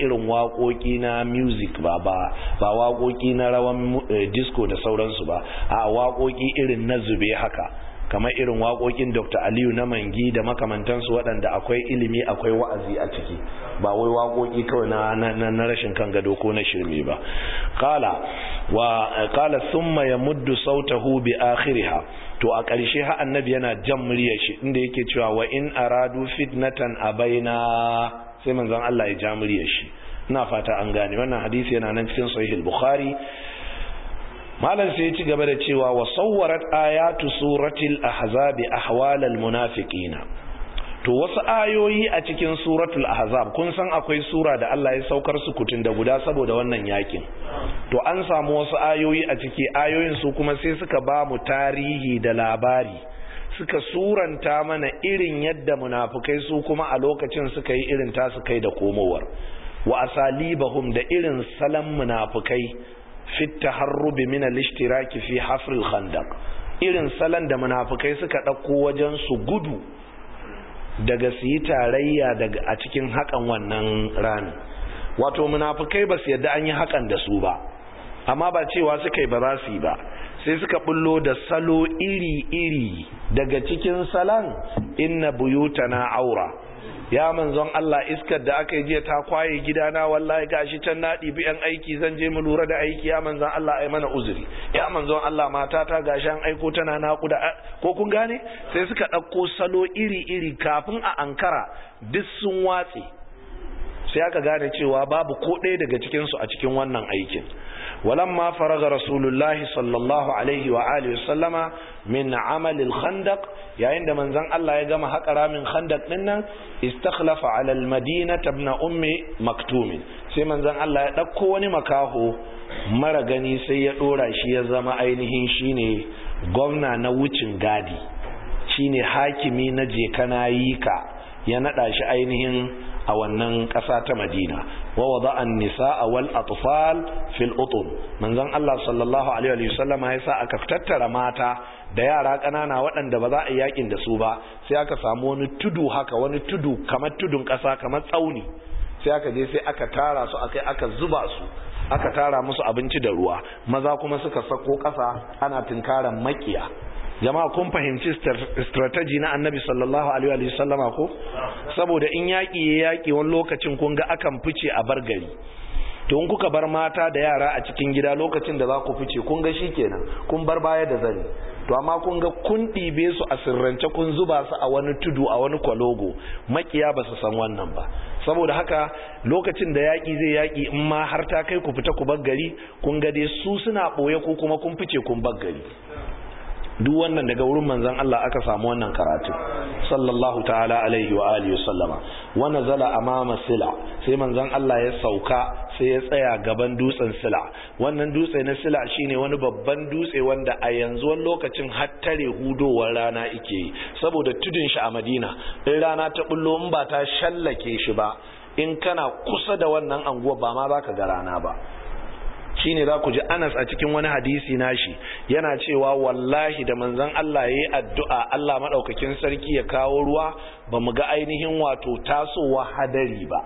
waƙoƙi irin waƙoƙi na music ba ba ba waƙoƙi na rawan eh, disco da sauransu ba a waƙoƙi irin na zube haka kamar irin waƙoƙin dr aliyu na mangi da makamantansu waɗanda akwai ilimi akwai wa'azi a ciki ba wai waƙoƙi kawai na, na, na, rashin kan gado ko na shirme ba kala wa kala summa ya muddu sautahu bi akhiriha to a ƙarshe ha annabi yana jan muryar shi inda yake cewa wa in aradu fitnatan abaina sai manzon Allah ya ja muryar shi ina fata an gane wannan hadisi yana nan cikin sahih al-bukhari malam sai ya ci gaba da cewa wa sawwarat ayatu suratil ahzabi ahwalal munafiqina to wasu ayoyi a cikin suratul ahzab kun san akwai sura da Allah ya saukar su kutun da guda saboda wannan yakin to an samu wasu ayoyi a ciki ayoyin su kuma sai suka ba mu tarihi da labari suka suranta mana irin yadda munafukai su kuma a lokacin suka yi irin tasu kai da komowar wa asalibahum da irin salan munafikai. fi har min al-ishtiraki fi hafr al-khandaq irin salon da munafikai suka ɗauko wajen su gudu daga su yi tarayya daga a cikin hakan wannan rani wato munafikai ba su yadda an yi hakan da su ba amma ba cewa suka yi ba za su yi ba sai suka bullo da salo iri-iri daga cikin salon inna buyutana aura ya manzon Allah iskar da aka yi jiya ta kwaye gidana wallahi gashi can na ɗibi yan aiki zan je mu lura da aiki ya manzon Allah ai mana uzuri ya manzon Allah mata ta gashi an aiko tana nakuda ko kun gane sai suka ɗauko salo iri-iri kafin a ankara duk sun watse sai aka gane cewa babu ko ɗaya daga cikinsu a cikin wannan aikin ولما فرغ رسول الله صلى الله عليه وآله وسلم من عمل الخندق يا عند من زن الله يجمع حقرا من خندق لنا استخلف على المدينة ابن أم مكتوم سي من زن الله يدكوني مكاهو mara gani sai ya dora shi ya zama ainihin shine gwamna na wucin gadi shine hakimi na je kana yi ka a wannan ƙasa ta madina wa wada an nisa a wal atfal fil utum manzon Allah sallallahu alaihi wasallama ya sa aka tattara mata da yara ƙanana waɗanda ba za a yi yakin da su ba sai aka samu wani tudu haka wani tudu kamar tudun ƙasa kamar tsauni sai aka je sai aka tara su akai aka zuba su aka tara musu abinci da ruwa maza kuma suka sako ƙasa ana tunkaran maƙiya. jama'a kun fahimci strategy na annabi sallallahu alaihi wa sallama ko saboda in yaki ya yaƙi wani lokacin kun ga akan fice a bar gari to in kuka bar mata da yara a cikin gida lokacin da za ku fice kun ga kenan kun bar baya da zani to amma kun ga kun ɗibe su a sirrance kun zuba su a wani tudu a wani kwalogo makiya ba su san wannan ba saboda haka lokacin da yaƙi zai yaƙi in ma har ta kai ku fita ku bar gari kun ga dai su suna ɓoye ko kuma kun fice kun bar gari duk wannan daga wurin manzon Allah aka samu wannan karatu sallallahu ta'ala alaihi wa alihi sallama wa nazala amama sila sai manzon Allah ya sauka sai ya tsaya gaban dutsen sila wannan dutse na sila shine wani babban dutse wanda a yanzu wani lokacin hattare hudowar rana ike yi saboda tudun shi a Madina in rana ta bullo in ba ta shallake shi ba in kana kusa da wannan anguwa ba ma za ga rana ba shine za ku ji Anas a cikin wani hadisi nashi yana cewa wallahi da manzon Allah yayi addu'a Allah madaukakin sarki ya kawo ruwa ba mu ga ainihin wato tasowa hadari ba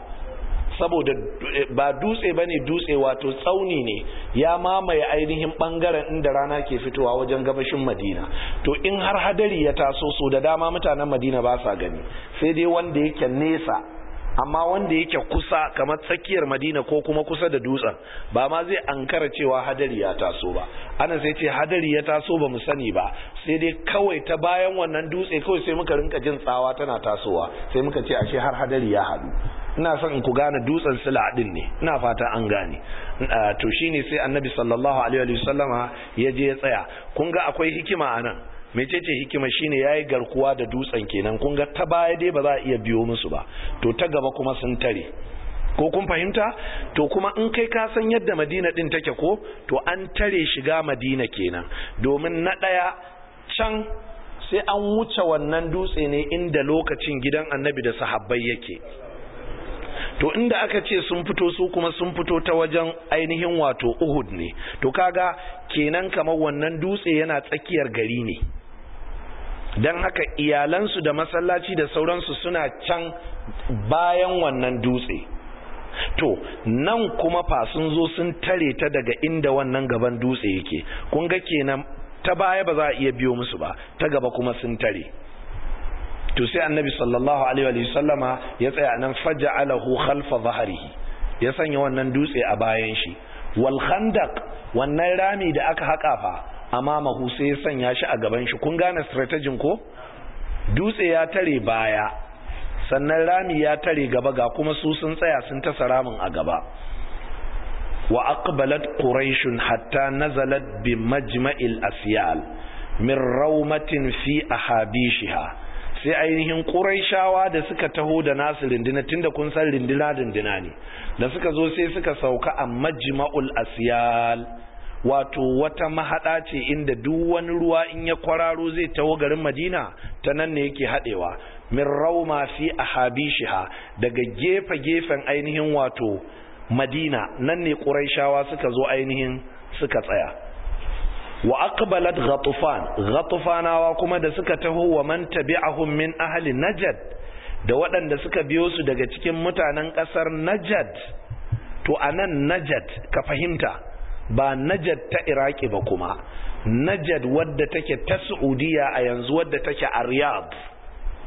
saboda eh, ba dutse bane dutse wato tsauni ne ya mamaye ainihin bangaren inda rana ke fitowa wajen gabashin Madina to in har hadari ya taso so da dama mutanen Madina ba sa gani sai dai wanda yake nesa amma wanda yake kusa kamar tsakiyar madina ko kuma kusa da dutsen ba ma zai ankara cewa hadari ya taso ba ana sai ce hadari ya taso ba mu sani ba sai dai kawai ta bayan wannan dutse kawai sai muka rinka jin tsawa tana tasowa sai muka ce ashe har hadari ya haɗu ina son in ku gane dutsen sila din ne ina fata an gane to shine sai annabi sallallahu alaihi Wasallama ya je ya tsaya kun ga akwai hikima anan mecece hikima shine yayi garkuwa da dutsen kenan kun ga ta baya dai ba za a iya biyo musu ba to ta gaba kuma sun tare ko kun fahimta to kuma in kai ka san yadda madina din take ko to an tare shiga madina kenan domin na daya can sai an wuce wannan dutse ne inda lokacin gidan annabi da sahabbai yake to inda aka ce sun fito su kuma sun fito ta wajen ainihin wato uhud ne to kaga kenan kamar wannan dutse yana tsakiyar gari ne don haka iyalansu da masallaci da sauransu suna can bayan wannan dutse to nan kuma fa sun zo sun tare ta daga inda wannan gaban dutse yake kun ga kenan ta baya ba za a iya biyo musu ba ta gaba kuma sun tare to sai annabi sallallahu alaihi wa sallama ya tsaya nan Alahu khalfa zahrihi ya sanya wannan dutse a bayan shi wal khandaq wannan rami da aka haƙa fa amamahu sai ya sanya shi a gaban shi kun gane strategin ko dutse ya tare baya sannan rami ya tare gaba ga kuma su sun tsaya sun tasa ramin a gaba wa aqbalat quraishun hatta nazalat bi majma'il asyal min rawmatin fi ahabishiha sai ainihin quraishawa da suka taho da nasu rindina tunda kun san rindina rindina ne da suka zo sai suka sauka a majma'ul asyal wato wata mahaɗa ce inda duk wani ruwa in ya kwararo zai taho garin madina ta nan ne yake haɗewa min rauma fi ahabishiha daga gefe-gefen ainihin wato madina nan ne ƙuraishawa suka zo ainihin suka tsaya wa aqbalat ghatufan ghatufanawa kuma da suka taho wa man tabi'ahum min ahli najad da waɗanda suka biyo su daga cikin mutanen ƙasar najad to anan najad ka fahimta ba najad ta iraki ba kuma najad wadda take ta saudiya a yanzu wadda take a riyadh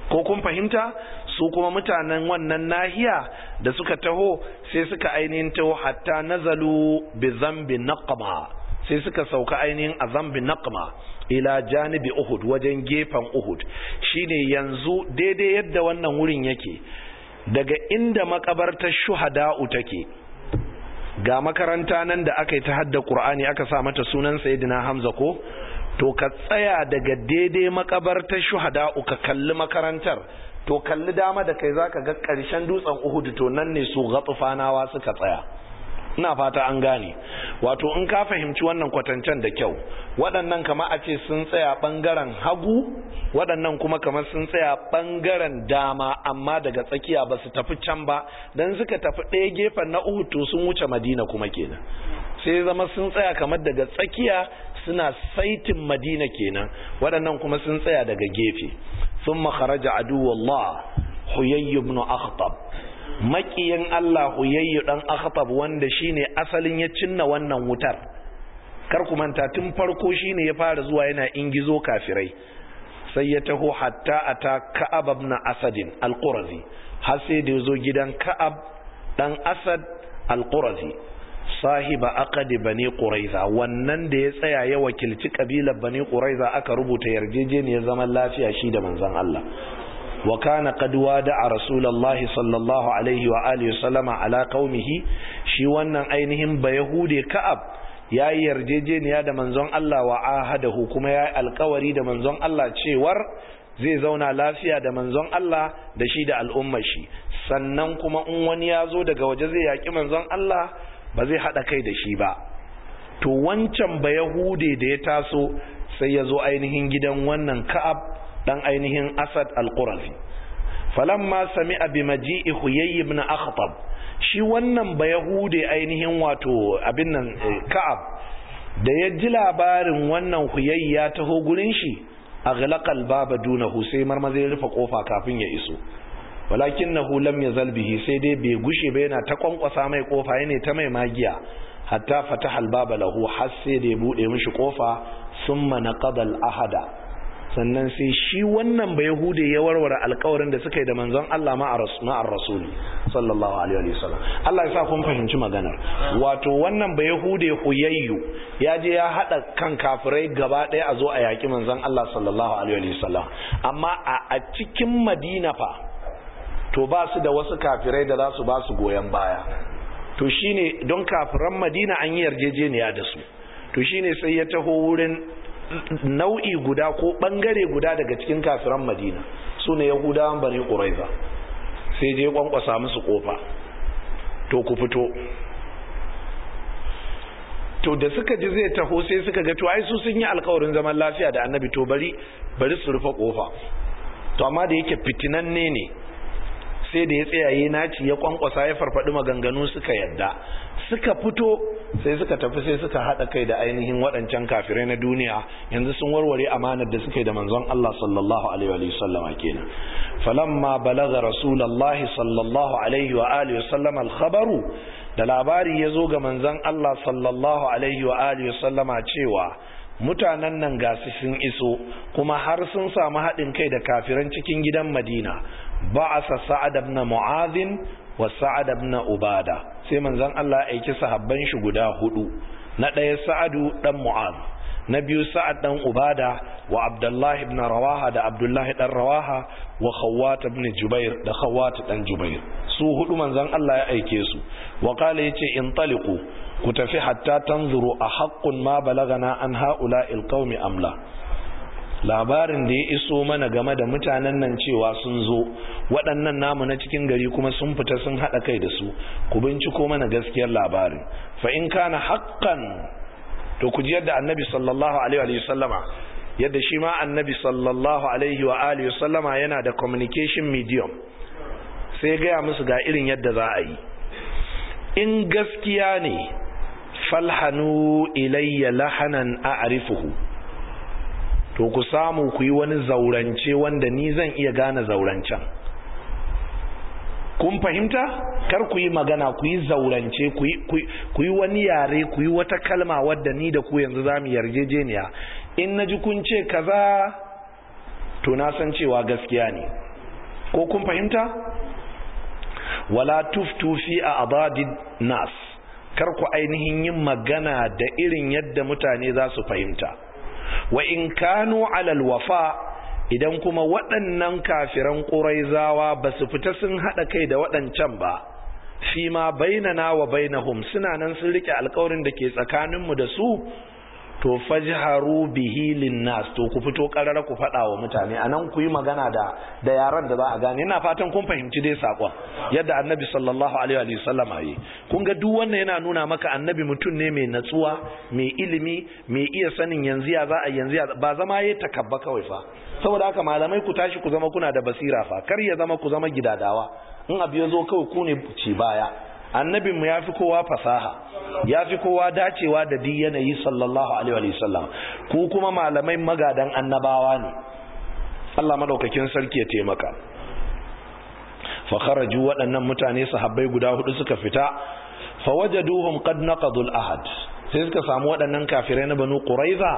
ko kun fahimta su kuma mutanen wannan nahiya da suka taho sai suka ainihin taho hatta nazalu bi zambi naqma sai suka sauka ainihin a zambi naqma ila janibi uhud wajen gefen uhud shine yanzu daidai yadda wannan wurin yake daga inda makabartar shuhada'u take ga makaranta nan da aka yi ta hadda Kur'ani aka sa mata sunan Sayidina hamza ko to ka tsaya daga daidai makabartar shuhada ka kalli makarantar to kalli dama da kai zaka ga ƙarshen dutsen Uhudu, to nan ne su gatsufanawa suka tsaya ina fata an gane wato in ka fahimci wannan kwatancen da kyau waɗannan kama a ce sun tsaya ɓangaren hagu waɗannan kuma kamar sun tsaya ɓangaren dama amma daga tsakiya ba su tafi can ba don suka tafi ɗaya gefen na uhutu to sun wuce madina kuma kenan sai zama sun tsaya kamar daga tsakiya suna saitin madina kenan waɗannan kuma sun tsaya daga gefe sun makaraja aduwallah huyayyu ibn akhtab makiyin Allah huyayyu ɗan akhtab wanda shine asalin ya cinna wannan wutar kar ku manta tun farko shine ya fara zuwa yana ingizo kafirai sai ya taho hatta ta ka'ab na asadin al har sai da zo gidan ka'ab ɗan asad al sahiba aqdi bani quraiza wannan da ya tsaya ya wakilci kabilar bani quraiza aka rubuta yarjejeniyar zaman lafiya shi da manzon Allah wa kana qad wada'a rasulullahi sallallahu alaihi wa alihi sallama ala qaumihi shi wannan ainihin ba yahude ka'ab ya yi yarjejeniya da manzon Allah wa ahadahu kuma ya yi alkawari da manzon Allah cewar zai zauna lafiya da manzon Allah da shi da al'ummar shi sannan kuma in wani ya zo daga waje zai yaƙi manzon Allah ba zai haɗa kai da shi ba to wancan ba yahude da ya taso sai ya zo ainihin gidan wannan ka'ab dan ainihin asad al-qurafi falamma sami'a bi maji'i huyay ibn akhtab shi wannan ba yahude ainihin wato abin nan eh, ka'ab da ya ji labarin wannan huyay ya taho gurin shi aghlaqa al-baba duna sai marmaza ya rufe kofa kafin ya iso walakinahu lam yazal bihi sai dai bai gushe ba yana ta kwankwasa mai kofa yana ta mai magiya hatta fataha al-baba lahu har sai da ya bude mishi kofa summa naqada al-ahada sannan sai shi wannan ba yahude ya warware alkawarin da suka yi da manzon Allah ma'ar rasul sallallahu alaihi wasallam Allah ya sa kun fahimci maganar wato wannan ba yahude huyayyu ya je ya hada kan kafirai gaba ɗaya a zo a yaki manzon Allah sallallahu alaihi wasallam amma a cikin Madina fa to ba su da wasu kafirai da za su ba su goyon baya to shine don kafiran Madina an yi yarjejeniya da su to shine sai ya taho wurin nau'i guda ko bangare guda daga cikin kafiran madina su ne yahudawan bani ƙuraiza sai je kwankwasa musu kofa to ku fito to da suka ji zai taho sai suka ga to ai su sun yi alkawarin zaman lafiya da annabi to bari bari su rufe kofa to amma da yake fitinanne ne sai da ya tsayaye naci ya kwankwasa ya farfadi maganganu suka yadda suka fito sai suka tafi sai suka haɗa kai da ainihin waɗancan kafirai na duniya yanzu sun warware amanar da suke da manzon Allah sallallahu alaihi wa sallama kenan falamma balaga rasulullahi sallallahu alaihi wa alihi wa sallama al-khabaru da labari ya zo ga manzon Allah sallallahu alaihi wa alihi wa sallama cewa mutanen nan gasu sun iso kuma har sun samu haɗin kai da kafiran cikin gidan madina ba a sa'ad ibn mu'adhin wa sa'ad ibn ubada sai manzon Allah ya aiki sahabban shi guda hudu na ɗaya sa'adu dan mu'az na biyu sa'ad dan ubada wa abdullahi ibn rawaha da abdullahi dan rawaha wa khawwat ibn jubair da khawwat dan jubair su hudu manzon Allah ya aike su wa qala yace intaliqu ku tafi hatta tanzuru a haqqun ma balagana an ha'ula'il qaumi amla labarin da ya iso mana game da mutanen nan cewa sun zo waɗannan namu na cikin gari kuma sun fita sun haɗa kai da su ku binciko mana gaskiyar labarin fa in kana haƙƙan to ku ji yadda annabi sallallahu alaihi wa sallama yadda shi ma annabi sallallahu alaihi wa alihi sallama yana da communication medium sai gaya musu ga irin yadda za a yi in gaskiya ne falhanu ilayya lahanan a'rifuhu to ku samu ku yi wani zaurance wanda ni zan iya gane zaurancen kun fahimta kar ku yi magana ku yi zaurance ku yi wani yare ku yi wata kalma wadda ni da ku yanzu za mu yarjejeniya in na ji kun ce kaza to na san cewa gaskiya ne ko kun fahimta wala tuftufi a abadinas nas kar ku ainihin yin magana da irin yadda mutane za su fahimta wa in kanu alal wafa idan kuma waɗannan kafiran ƙuraizawa ba su fita sun haɗa kai da waɗancan ba fi ma bainana wa bainahum suna nan sun riƙe alƙawarin da ke tsakaninmu da su to fajharu bihi linnas to ku fito karara ku faɗa wa mutane anan ku yi magana da da yaran da za a gane ina fatan kun fahimci dai sakon yadda annabi sallallahu alaihi wa sallama yi kun ga duk wannan yana nuna maka annabi mutum ne mai natsuwa mai ilimi mai iya sanin yanzu ya za a yanzu ba zama yayi takabba kawai fa saboda haka malamai ku tashi ku zama kuna da basira fa kar ya zama ku zama gidadawa in abu ya zo kawai ku ne ci baya annabinmu ya fi kowa fasaha ya fi kowa dacewa da di yanayi sallallahu alaihi wasallam ku kuma malamai magadan annabawa ne Allah madaukakin sarki ya taimaka fa kharaju waɗannan mutane sahabbai guda hudu suka fita fa wajaduhum qad naqadu ahad sai suka samu waɗannan kafirai na banu quraiza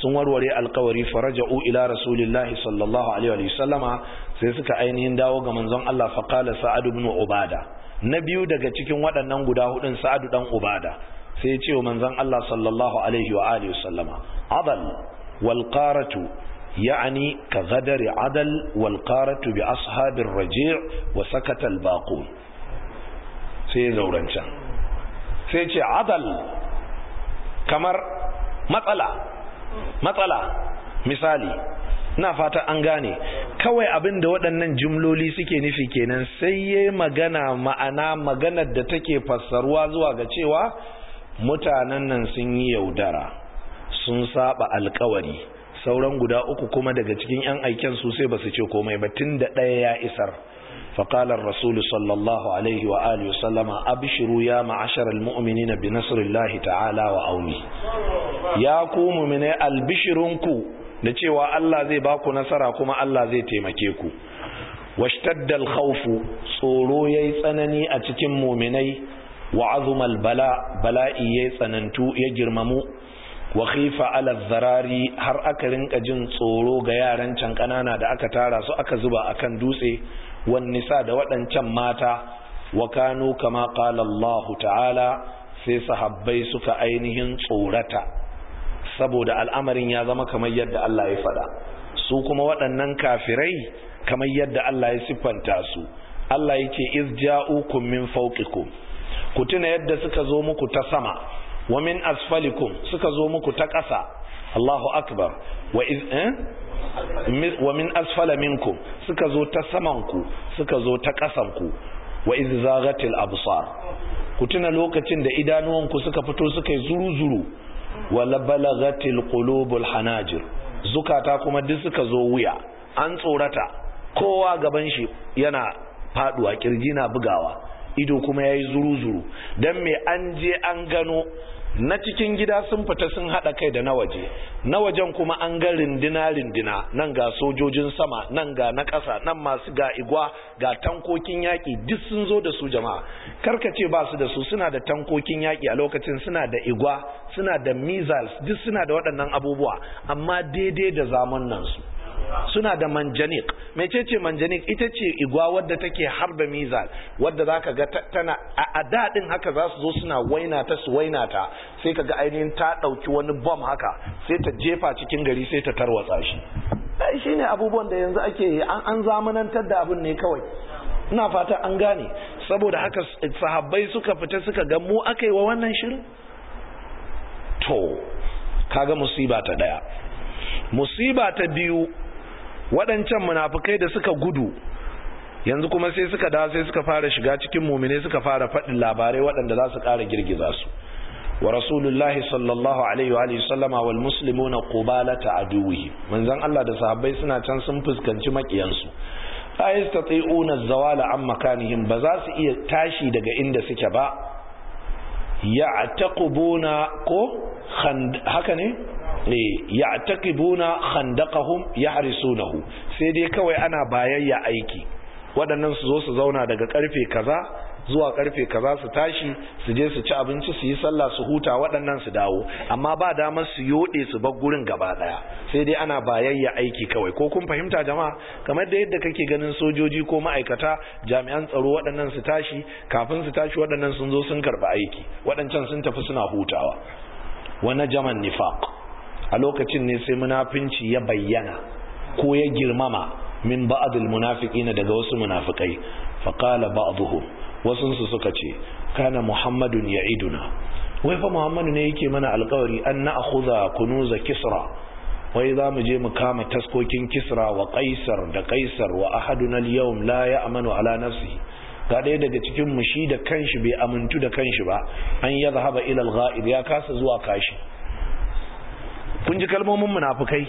sun warware alkawari faraja'u ila rasulillahi sallallahu alaihi wa sai suka ainihin dawo ga manzon Allah fa qala sa'ad ibn ubada na biyu daga cikin waɗannan guda hudun sa'adu dan ubada sai ya ce wa manzon Allah sallallahu alaihi wa alihi wasallama adal wal qaratu ya'ni ka ghadari adal wal qaratu bi ashabir raji' wa sakata al sai ya zauranta sai ya ce adal kamar matsala matsala misali na fata an gane kawai abin da waɗannan jumloli suke nufi kenan sai ya magana ma'ana maganar da take fassaruwa zuwa ga cewa mutanen nan sun yi yaudara sun saba alkawari sauran guda uku kuma daga cikin 'yan aiken su sai ba su ce komai ba tun da ɗaya ya isar فقال الرسول صلى الله عليه ya وسلم أبشروا يا معشر المؤمنين بنصر ta'ala wa auni ya ku. albishirunku da cewa Allah zai ba ku nasara kuma Allah zai taimake ku washtaddal khawfu tsoro yayi tsanani a cikin muminai wa azumal bala bala'i yayi tsanantu ya girmamu wa khifa ala zarari har aka rinka jin tsoro ga yaran can kanana da aka tara su aka zuba akan dutse wan nisa da waɗancan mata wa kanu kama qala Allah ta'ala sai sahabbai suka ainihin tsorata saboda al'amarin ya zama kamar yadda Allah ya faɗa su kuma waɗannan kafirai kamar yadda Allah ya siffanta su Allah yake iz ja'ukum min fawqikum ku tuna yadda suka zo muku ta sama wa min asfalikum suka zo muku ta ƙasa Allahu akbar wa iz eh? wa min asfala minkum suka zo ta saman ku suka zo ta ƙasan ku. wa iz zaghatil absar ku tuna lokacin da idanuwanku suka fito suka yi zuru-zuru wala balagatil qulubul hanajir zukata kuma duk suka zo wuya an tsorata kowa gaban shi yana faduwa kirji na bugawa ido kuma yayi zuru zuru dan me an je an gano na cikin gida sun fita sun haɗa kai da na waje na wajen kuma an ga rindina rindina nan ga sojojin sama nan ga na ƙasa nan masu ga igwa ga tankokin yaƙi duk sun zo da su jama'a karkace ba su da su suna da tankokin yaƙi a lokacin suna da igwa suna da missiles duk suna da waɗannan abubuwa amma daidai da zaman nan su suna da manjanik mecece manjanik ita ce igwa wadda take harba mizal wadda za ka ga tana a daɗin haka za su zo suna waina ta su waina ta sai ka ga ainihin ta ɗauki wani bom haka sai ta jefa cikin gari sai ta tarwatsa shi shi ne abubuwan da yanzu ake yi an zamanantar da abin ne kawai ina fata an gane saboda haka sahabbai suka fita suka ga mu aka yi wa wannan shirin to kaga musiba ta ɗaya musiba ta biyu waɗancan munafukai da suka gudu yanzu kuma sai suka dawo sai suka fara shiga cikin mumine suka fara faɗin labarai waɗanda za su ƙara girgiza su wa rasulullahi sallallahu alaihi wa alihi sallama wal muslimuna qubalata aduwihi manzon Allah da sahabbai suna can sun fuskanci makiyansu la yastati'una zawala an makanihim ba za su iya tashi daga inda suke ba ya'taqibuna ko haka ne ya'taqibuna khandaqahum yahrisunahu sai dai kawai ana bayayya aiki waɗannan su zo su zauna daga karfe kaza zuwa karfe kaza su tashi su je su ci abinci su yi sallah su huta waɗannan su dawo amma ba damar su yoɗe su bar gurin gaba daya sai dai ana bayayya aiki kawai ko kun fahimta jama'a kamar da yadda kake ganin sojoji ko ma'aikata jami'an tsaro waɗannan su tashi kafin su tashi waɗannan sun zo sun karɓi aiki waɗancan sun tafi suna hutawa wani jaman nifaq a lokacin ne sai munafinci ya bayyana ko ya girmama min ba'adul munafiqina daga wasu munafikai faqala ba'dhum wasunsu suka ce kana muhammadun ya iduna wai fa muhammadu ne yake mana alkawari an na akuza kunuza kisra wai za mu je mu kama taskokin kisra wa kaisar da kaisar wa ahadu na liyau la ya amanu ala nafsi ga ɗaya daga cikin mu shi da kanshi bai amintu da kanshi ba an ya zahaba ilal ga'id ya kasa zuwa kashi kun ji kalmomin munafukai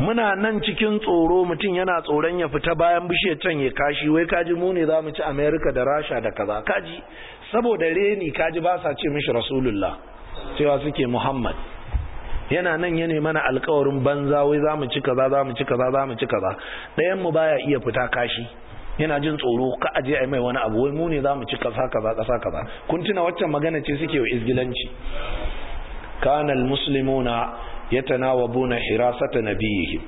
muna nan cikin tsoro mutum yana tsoron ya fita bayan bishiyar can ya kashi wai kaji mu ne za mu ci america da rasha da kaza kaji saboda reni kaji ba sa ce mishi rasulullah cewa suke muhammad yana nan ya mana alkawarin banza wai za mu ci kaza za mu ci kaza za mu ci kaza ɗayan mu baya iya fita kashi yana jin tsoro ka aje a mai wani abu wai mu ne za mu ci kaza kaza kaza kaza kun tuna waccan magana ce suke wa izgilanci kana al-muslimuna wa buna hirasata nabiyihim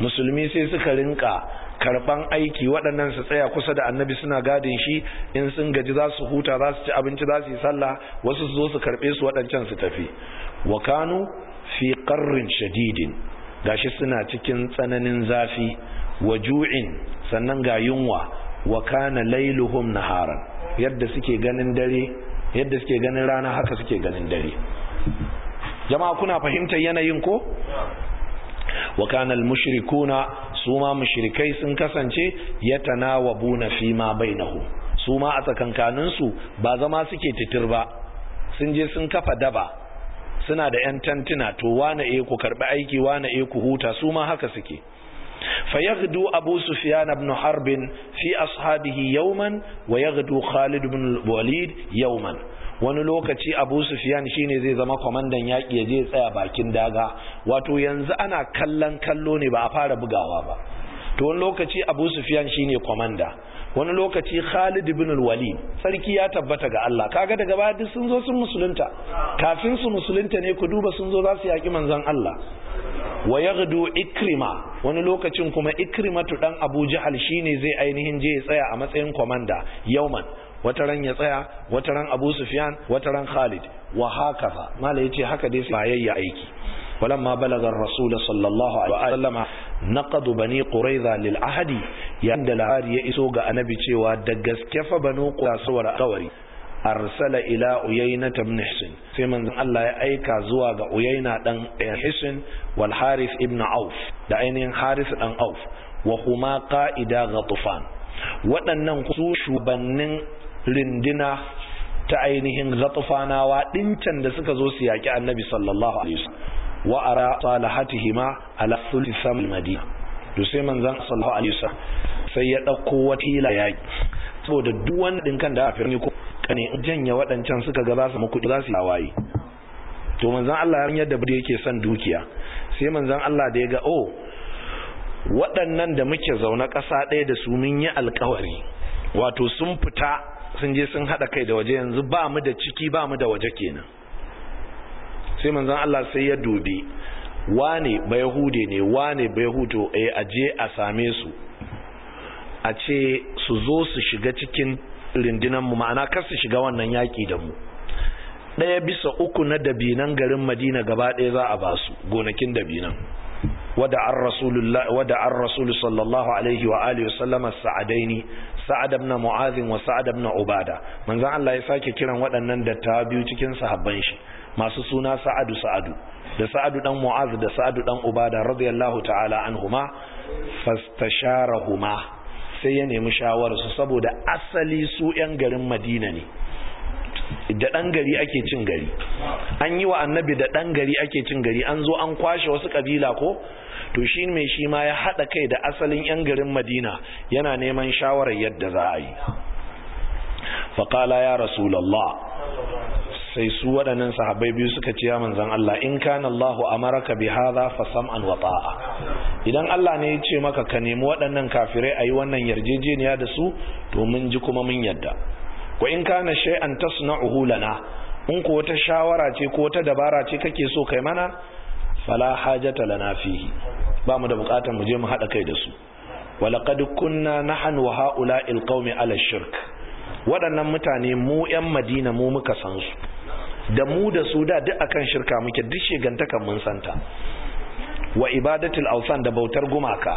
musulmi sai suka rinka karban aiki waɗannan su tsaya kusa da annabi suna gadin shi in sun gaji za su huta za su ci abinci za su yi sallah wasu su zo su karbe su waɗancan su tafi wa kanu fi qarrin shadidin gashi suna cikin tsananin zafi wa ju'in sannan ga yunwa wa kana lailuhum naharan yadda suke ganin dare yadda suke ganin rana haka suke ganin dare jama'a kuna fahimtar yanayin ko wa kana al-mushrikuna suma mushrikai sun kasance yatanawabuna fi ma bainahu suma a tsakankanin ba zama suke titir ba sun je sun kafa daba suna da yan tantina to wane e ku karbi aiki wane e ku huta su ma haka suke Fa abu sufyan ibn harbin fi ashabihi yawman wa ويغدو khalid ibn walid yawman wani lokaci abu sufiyan ne zai zama kwamandan yaƙi ya je tsaya bakin daga wato yanzu ana kallon kallo ne ba a fara bugawa ba to wani lokaci abu sufiyan ne kwamanda wani lokaci khalid ibn Wali sarki ya tabbata ga Allah kaga daga baya duk sun zo sun musulunta kafin su musulunta ne ku duba sun zo za su yaki manzon Allah wa yaghdu ikrima wani lokacin kuma ikrimatu dan abu jahal shine zai ainihin je ya tsaya a matsayin komanda yauman wata ran ya tsaya wata ran abu sufyan wata ran khalid wa fa? mala yace haka dai sayayya aiki ولما بلغ الرسول صلى الله عليه ya نقض بني قريظة للعهد يعند العار يئسوغ أنبي تيوى دقسكف بنو قريظة سورة قوري arsala ila uyayna ibn hisin sai manzon Allah ya aika zuwa ga uyayna dan hisin wal harith ibn auf da ainihin harith dan auf wa huma qa'ida ghatfan waɗannan su shugabannin rindina ta ainihin gatufanawa ɗincan da suka zo su yaƙi annabi sallallahu alaihi wasallam wa ara salahatihima ala sulhi sam madina to sai manzon sallallahu alaihi wasallam sai ya dauko wata hila yaƙi saboda duk wani ɗinkan da a firni ko kane janya waɗancan suka ga za su muku za su yawaye to manzon Allah ya yadda bude yake son dukiya sai manzon Allah da ya ga oh waɗannan da muke zaune ƙasa ɗaya da su mun yi alkawari wato sun fita sun je sun hada kai da waje yanzu ba mu da ciki ba mu da waje kenan sai manzon Allah sai ya dubi wane ba yahude ne wane ba yahuto eh aje a same su a ce su zo su shiga cikin rindinan mu ma'ana kar su shiga wannan yaki da mu ɗaya bisa uku na dabinan garin madina gaba ɗaya za a ba su gonakin dabinan ودع الرسول ودع الرسول صلى الله عليه واله وسلم السعدين سعد بن معاذ وسعد بن عباده من زان ya sake kiran waɗannan dattawa biyu cikin sahabban shi masu suna sa'adu sa'adu da sa'adu dan mu'az da sa'adu dan ubada radiyallahu ta'ala anhuma fastasharahuma sai ya nemi shawararsu saboda asali su yan garin Madina ne da ɗan gari ake cin gari an yi wa annabi da ɗan gari ake cin gari an zo an kwashe wasu ƙabila ko to shi mai shi ma ya haɗa kai da asalin 'yan garin madina yana neman shawarar yadda za a yi faƙala ya rasulallah sai su waɗannan sahabai biyu suka ce manzan Allah in kanallahu a maraka bi za fa sam'an wa ta'a idan Allah ne ya ce maka ka nemi waɗannan kafirai a yi wannan yarjejeniya da su to mun ji kuma mun yadda Ko in kana shay'an tasna'uhu lana in ko wata shawara ce ko wata dabara ce kake so kai mana fala hajata lana fihi ba mu da bukatar mu je mu hada kai da su walaqad kunna nahnu wa haula'i alqaumi ala shirk waɗannan mutane mu yan madina mu muka san su da mu da su da duk akan shirka muke duk shegantakan mun santa wa ibadatul awsan da bautar gumaka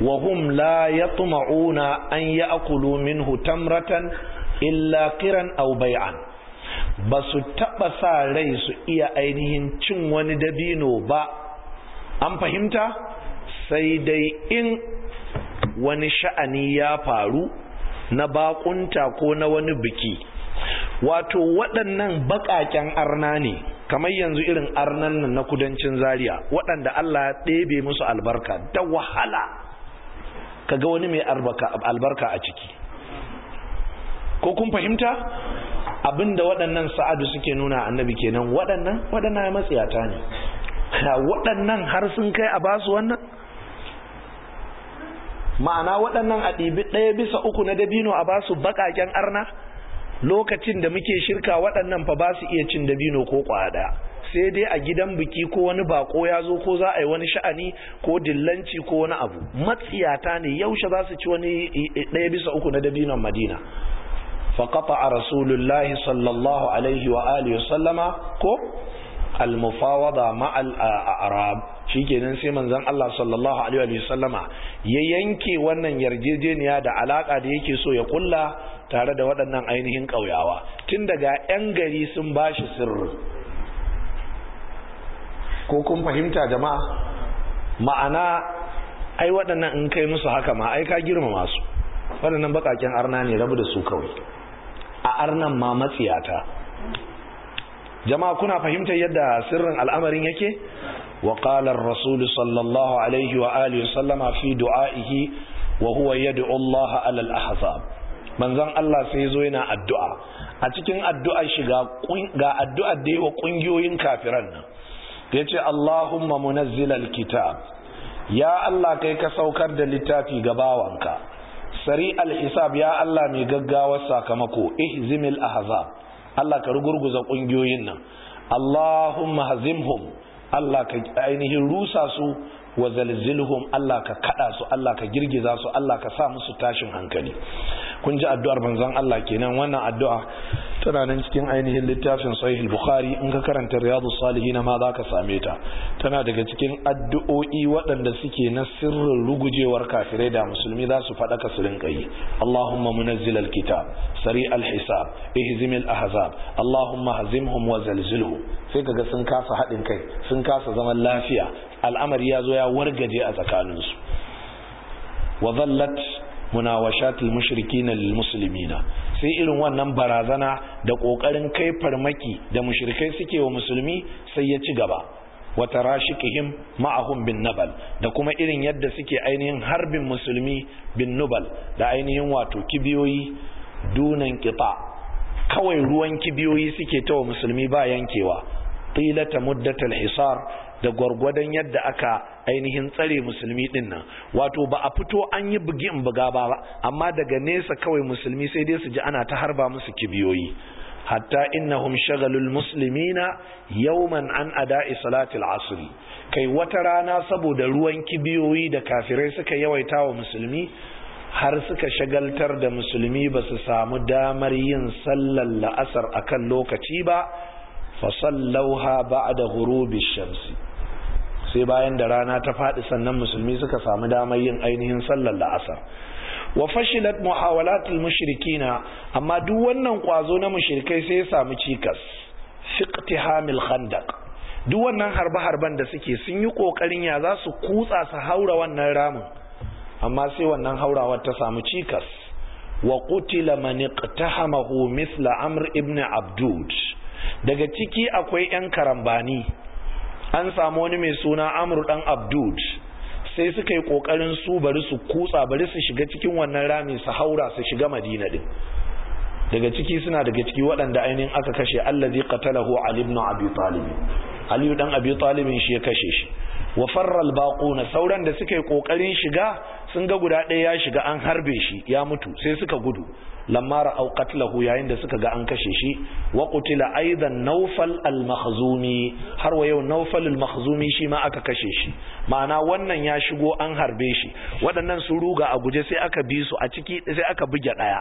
wa hum la yatma'una an ya'kulu minhu tamratan illa qiran aw bay'an ba su taɓa sa rai su iya ainihin cin wani dabino ba an fahimta sai dai in wani sha'ani ya faru na bakunta ko na wani biki wato waɗannan baƙaƙen arna ne kamar yanzu irin arnan nan na kudancin zaria waɗanda Allah ya ɗebe musu albarka da wahala kaga wani mai albarka a ciki ko kun fahimta abinda waɗannan sa'adu suke nuna annabi kenan waɗannan waɗannan ya matsiyata ne waɗannan har sun kai a basu wannan ma'ana waɗannan a ɗibi ɗaya bisa uku na dabino a basu baƙaƙen arna lokacin da muke shirka waɗannan fa ba su iya cin dabino ko ƙwada sai dai a gidan biki ko wani bako ya zo ko za a yi wani sha'ani ko dillanci ko wani abu matsiyata ne yaushe za su ci wani eh, eh, ɗaya bisa uku na dabinon madina فقطع رسول الله صلى الله عليه وآله وسلم كو المفاوضة مع الأعراب shikenan sai manzon Allah sallallahu alaihi wa sallama ya yanke wannan yarjejeniya da alaka da yake so ya kulla tare da waɗannan ainihin ƙauyawa tun daga 'yan gari sun ba shi sirri ko kun fahimta jama'a ma'ana ai waɗannan in kai musu haka ma ai ka girmama su waɗannan baƙaƙen arna ne rabu da su kawai a arnan ma matsiyata jama'a kuna fahimtar yadda sirrin al'amarin yake wa qala ar-rasul sallallahu alaihi wa alihi sallama fi du'aihi wa huwa yad'u Allah ala al-ahzab manzon Allah sai zo yana addu'a a cikin addu'a shiga ga addu'ar da yi wa kungiyoyin kafiran nan yace Allahumma munazzilal kitab ya Allah kai ka saukar da littafi ga bawanka sari alhisab ya Allah mai gaggawar sakamako ihzimil ahzab Allah ka rugurguza kungiyoyin nan Allahumma hazimhum Allah ka ainihin rusa su wa zalzilhum Allah ka kada su Allah ka girgiza su Allah ka sa musu tashin hankali kun ji addu'ar manzon Allah kenan wannan addu'a tana nan cikin ainihin littafin sahih bukhari in ka karanta riyadus salihin ma za ka same ta tana daga cikin addu'o'i waɗanda suke na sirrin rugujewar kafirai da musulmi za su faɗa ka su rinka yi allahumma munazzil Sari'al sari alhisab ihzim alahzab allahumma hazimhum wa zalzilhum sai kaga sun kasa haɗin kai sun kasa zaman lafiya al'amari ya zo ya wargaje a tsakaninsu wa zallat munawashatul mushrikina lil muslimina sai irin wannan barazana da kokarin kai farmaki da mushrikai suke wa musulmi sai ya ci gaba wa tarashikihim ma'ahum bin nabal da kuma irin yadda suke ainihin harbin musulmi bin nubal da ainihin wato kibiyoyi dunan qita kawai ruwan kibiyoyi suke ta wa musulmi ba yankewa ta muddatal hisar da gwargwadon yadda aka ainihin tsare musulmi din nan wato ba a fito an yi bugin buga ba amma daga nesa kawai musulmi sai dai su ji ana ta harba musu kibiyoyi hatta innahum shagalul muslimina yawman an ada'i salatil asr kai wata rana saboda ruwan kibiyoyi da kafirai suka yawaita wa musulmi har suka shagaltar da musulmi ba su samu damar yin sallar la'asar akan lokaci ba fa sallauha ba'da ghurubi shamsi sai bayan da rana ta faɗi sannan musulmi suka samu damar yin ainihin sallar la'asar wa fashilat muhawalatul mushrikina amma duk wannan kwazo na mushrikai sai ya samu cikas fiqtihamil khandaq duk wannan harbe-harben da suke sun yi kokarin ya za su kutsa su haura wannan ramin amma sai wannan haurawa ta samu cikas wa qutila man iqtahamahu mithla amr ibn abdud daga ciki akwai yan karambani an samu wani mai suna amru ɗan abdud sai suka yi kokarin su bari su kutsa bari su shiga cikin wannan rami su haura su shiga madina din daga ciki suna daga ciki waɗanda ainihin aka kashe allazi qatalahu ali ibn abi talib ali dan abi talib shi ya kashe shi wa farra al sauran da suka yi ƙoƙarin shiga sun ga guda ɗaya ya shiga an harbe shi ya mutu sai suka gudu lamma ra'aw yayin da suka ga an kashe shi wa qutila aidan nawfal al mahzumi har wa yau nawfal al mahzumi shi ma aka kashe shi ma'ana wannan ya shigo an harbe shi waɗannan su ruga a guje sai aka bi su a ciki sai aka buge daya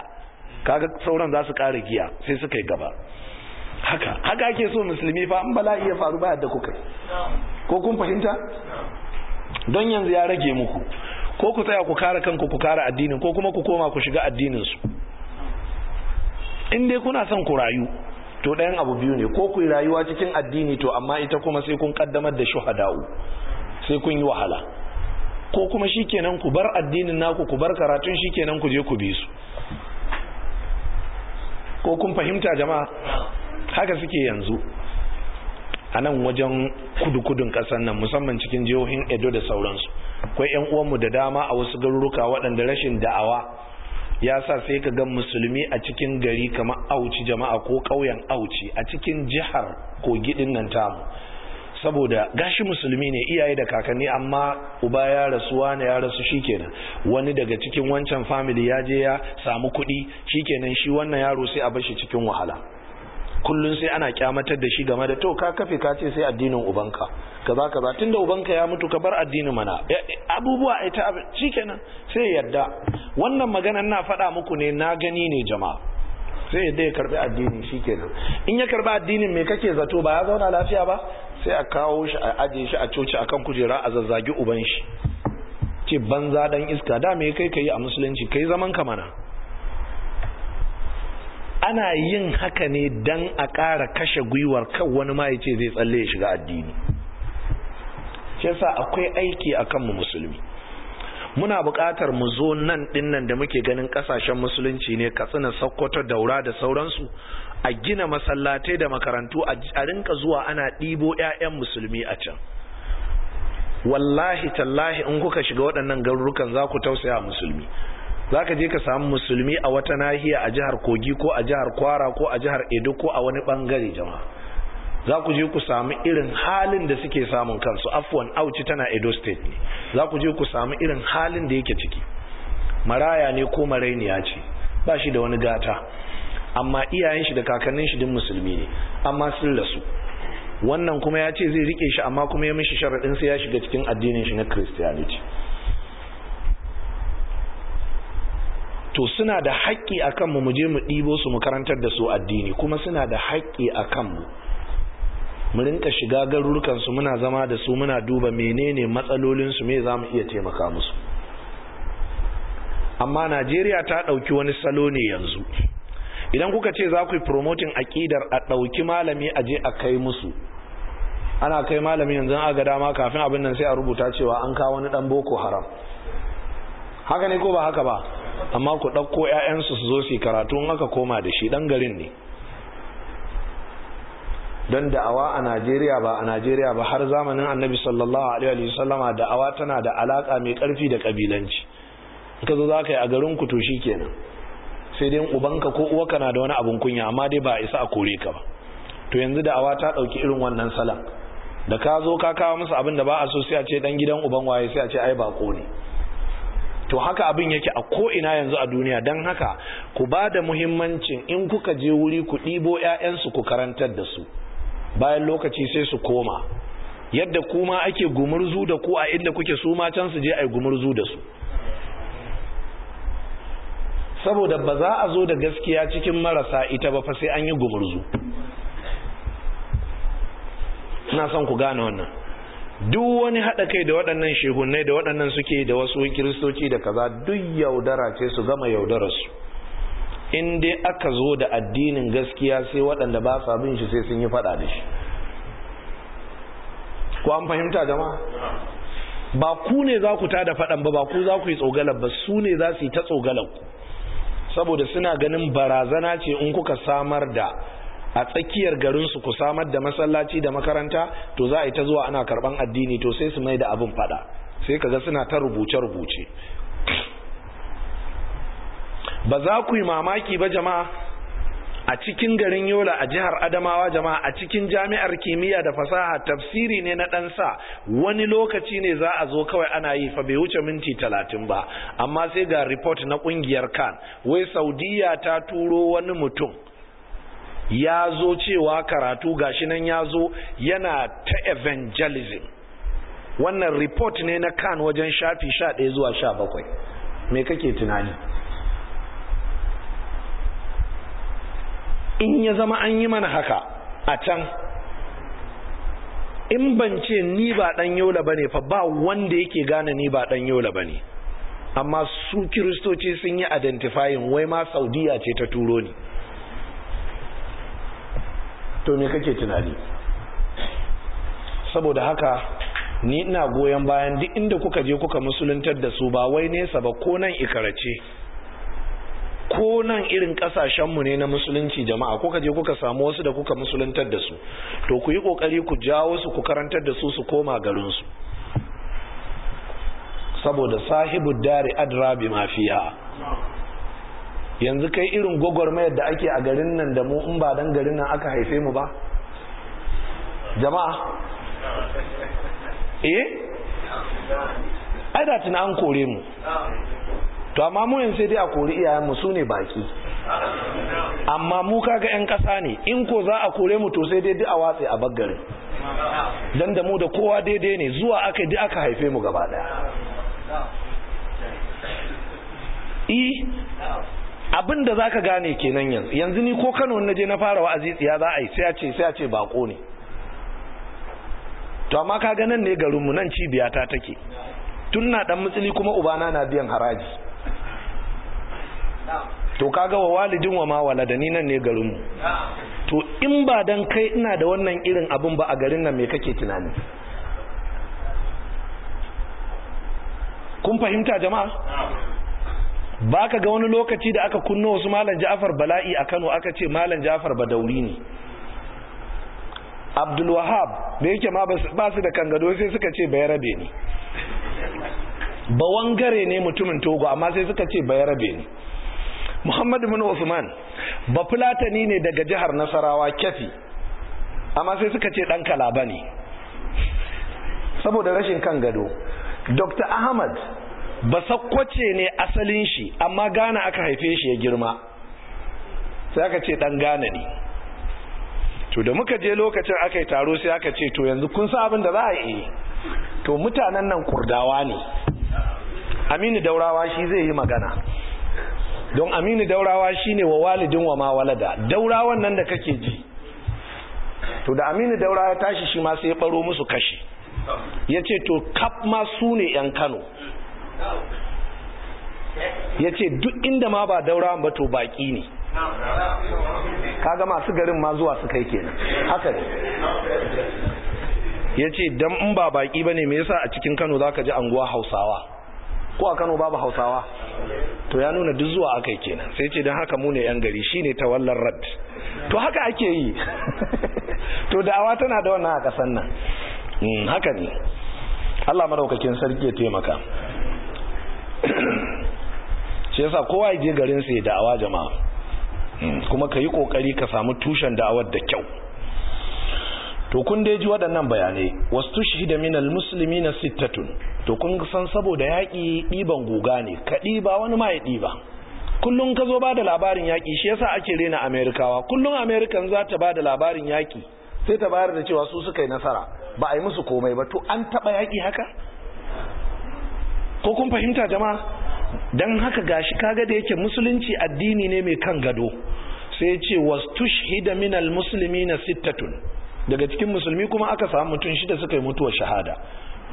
kaga sauran za su kare giya sai suka yi gaba haka haka ake so musulmi fa an bala'i ya faru ba da kuka ko kun fahimta don yanzu ya rage muku ko ku tsaya ku kare kanku ku kare addinin ko kuma ku koma ku shiga addinin su in dai kuna son ku rayu to ɗayan abu biyu ne ko ku rayuwa cikin addini to amma ita kuma sai kun kaddamar da shuhada'u sai kun yi wahala ko kuma shikenan ku bar addinin naku ku bar karatun shikenan ku je ku bi su ko kun fahimta jama'a haka suke yanzu a nan wajen kudu-kudun ƙasar nan musamman cikin jihohin edo da sauransu akwai 'yan uwanmu da dama a wasu garuruka waɗanda rashin da'awa ya sa sai ka gan musulmi a cikin gari kamar auci jama'a ko ƙauyen auci a cikin jihar ko gidin nan tamu saboda gashi musulmi ne iyaye da kakanni amma uba ya rasuwa wani ya rasu shikenan wani daga cikin wancan family ya je ya samu kuɗi shikenan shi wannan yaro sai a bar shi cikin wahala kullun sai ana kyamatar da shi game da to ka kafe ka ce sai addinin ubanka kaza kaza tunda ubanka ya mutu ka bar addinin mana abubuwa ai ta shikenan sai yadda wannan maganar na faɗa muku ne na gani ne jama'a sai yadda ya karbi addini shikenan in ya karbi addinin me kake zato ba ya zauna lafiya ba sai a kawo shi a ajiye shi a coci akan kujera a zazzagi uban shi ce banza dan iska da me kai ka yi a musulunci kai zaman ka mana ana yin haka ne dan a ƙara kashe gwiwar kan wani ma yace zai tsalle ya shiga addini shi yasa akwai aiki akan mu musulmi muna buƙatar mu zo nan dinnan da muke ganin ƙasashen musulunci ne katsina sokoto daura da sauransu a gina masallatai da makarantu a rinka zuwa ana ɗibo 'ya'yan musulmi a can wallahi tallahi in kuka shiga waɗannan garurukan za ku tausaya musulmi za ka je ka samu musulmi a wata nahiya a jihar kogi ko a jihar kwara ko a jihar edo ko a wani bangare jama'a za ku je ku samu irin halin da suke samun kansu afwan auci tana edo state ne za ku je ku samu irin halin da yake ciki maraya ne ko marainiya ce ba shi da wani gata amma iyayen shi da kakannin shi din musulmi ne amma sun rasu wannan kuma ya ce zai rike shi amma kuma ya mishi sharaɗin sai ya shiga cikin addinin shi na christianity to suna da haƙƙi a kanmu mu je mu ɗibo su mu karantar da su addini kuma suna da haƙƙi a kanmu mu rinka shiga garurukansu muna zama da su muna duba menene matsalolinsu me za mu iya taimaka musu amma najeriya ta ɗauki wani salo ne yanzu idan kuka ce za ku yi promoting aƙidar a ɗauki malami a je a kai musu ana kai malami yanzu a ga dama kafin abin nan sai a rubuta cewa an kawo wani ɗan boko haram haka ne ko ba haka ba amma ku ɗauko 'ya'yansu su zo su karatu in aka koma da shi ɗan garin ne don da'awa a najeriya ba a najeriya ba har zamanin annabi sallallahu alaihi wasallama da'awa tana da alaƙa mai ƙarfi da ƙabilanci ka zo za ka yi a garin ku to shi kenan sai dai ubanka ko uwaka na da wani abin kunya amma dai ba a isa a kore ka ba to yanzu da'awa ta ɗauki irin wannan salan da ka zo ka kawo musu abin da ba a so sai a ce ɗan gidan uban waye sai a ce ai bako ne to haka abin yake a ko'ina yanzu a duniya don haka ku ba da muhimmancin in kuka je wuri ku ɗibo 'ya'yansu ku karantar da su bayan lokaci sai su koma yadda kuma ake gumurzu da ku a inda kuke su ma can su je a gumurzu da su saboda ba za a zo da gaskiya cikin marasa ita ba fa sai an yi gumurzu ina son ku gane wannan duk wani haɗa kai da waɗannan shehunai da waɗannan suke da wasu kiristoci da kaza duk yaudara ce su gama yaudararsu in dai aka zo da addinin gaskiya sai waɗanda ba sa bin shi sai sun yi faɗa da shi ko an fahimta gama. ba ku ne za ku tada faɗan ba ba ku za ku yi tsogalar ba su ne za su yi ta tsogalar ku saboda suna ganin barazana ce in kuka samar da a tsakiyar garin su ku samar da masallaci da makaranta to za a yi ta zuwa ana karban addini to sai su mai da abin fada sai kaga suna ta rubuce rubuce ba za ku yi mamaki ba jama'a a cikin garin yola a jihar adamawa jama'a a cikin jami'ar kimiyya da fasaha tafsiri ne na dan sa wani lokaci ne za a zo kawai ana yi fa bai wuce minti talatin ba amma sai ga report na kungiyar kan wai saudiya ta turo wani mutum ya zo cewa karatu gashi nan ya zo yana ta evangelism wannan report ne na kan wajen shafi sha ɗaya zuwa sha me kake tunani in ya zama an yi mana haka a can in ban ce ni ba dan yola bane fa ba wanda yake gane ni ba dan yola bane amma su kiristoci sun yi identifying wai ma saudiya ce ta turo ni to me kake tunani saboda haka ni ina goyon bayan duk inda kuka je kuka musuluntar da su ba wai nesa ba ko nan ikarace ko nan irin kasashenmu ne na musulunci jama'a kuka je kuka samu wasu da kuka musuluntar da su to ku yi kokari ku jawo su ku karantar da su su koma garinsu saboda sahibu dari adra bi mafiya yanzu kai irin gwagwarmayar da ake a garin nan da mu in ba dan garin nan aka haife mu ba jama'a eh ai da tuna an kore mu to amma mu yanzu sai dai a kori iyayen mu sune baki amma mu kaga yan kasa ne in ko za a kore mu to sai dai a watse a baggarin dan da mu da kowa daidai ne zuwa aka duk aka haife mu gaba daya i e, abin da zaka gane kenan yanzu yanzu ni ko Kano na je na fara wa'azi tsiya za a yi sai a ce sai a ce bako ne to amma kaga nan ne garin mu nan cibiya ta take tun na dan mutsili kuma ubana na biyan haraji to kaga wa walidin wa ma walada ni nan ne garin mu to in ba dan kai ina da wannan irin abin ba a garin nan me kake tunani kun fahimta jama'a ba ka ga wani lokaci da aka kunno wasu malam ja'far bala'i a kano aka ce malam ja'far badauri ne abdulwahab da yake ma ba su da kangado sai suka ce rabe ne bawangare ne mutumin togo amma sai suka ce bayarabe ne muhammadu bin usman ba fulatani ne daga jihar nasarawa kyafi amma sai suka ce dan kalaba ne saboda rashin kan gado dr ahmad ba sakwace ne asalin shi amma gana aka haife shi ya girma sai aka ce dan gana ne to da muka je lokacin aka yi taro sai aka ce to yanzu kun sa abin da za a yi to mutanen nan kurdawa ne aminu daurawa shi zai yi magana don aminu daurawa shi ne wa walidin wa ma walada daurawan nan da kake ji to da aminu daurawa ya tashi shi ma sai ya baro musu kashi ya ce to kaf ma su ne yan kano ya ce duk inda ma ba daura ba to baki ne kaga masu garin ma zuwa su kai kenan haka ne ya ce don in ba baki ba ne me yasa a cikin kano za ka ji anguwa hausawa ko a kano babu hausawa to ya nuna duk zuwa aka yi kenan sai ce don haka mu ne yan gari shine tawallar rad to haka ake yi to da'awa tana da wannan a kasan nan hmm, haka ne Allah maraukakin sarki ya taimaka shi yasa kowa ya je garin sai da'awa jama'a hmm, kuma ka yi kokari ka samu tushen da'awar da kyau to kun dai ji waɗannan bayanai wasu da minal musulmi na sittatun to kun san saboda yaƙi ɗiban guga ne ka ɗiba wani ma ya ɗiba kullum ka zo ba da labarin yaƙi shi yasa ake rena amerikawa kullum amerikan za ta ba da labarin yaƙi sai ta bayar da cewa su suka yi nasara ba a yi musu komai ba to an taɓa yaƙi haka ko kun fahimta jama don haka gashi kaga da yake musulunci addini ne mai kan gado sai ce wastushhida minal musulmi na sittatun daga cikin musulmi kuma aka samu mutum shida suka yi mutuwar shahada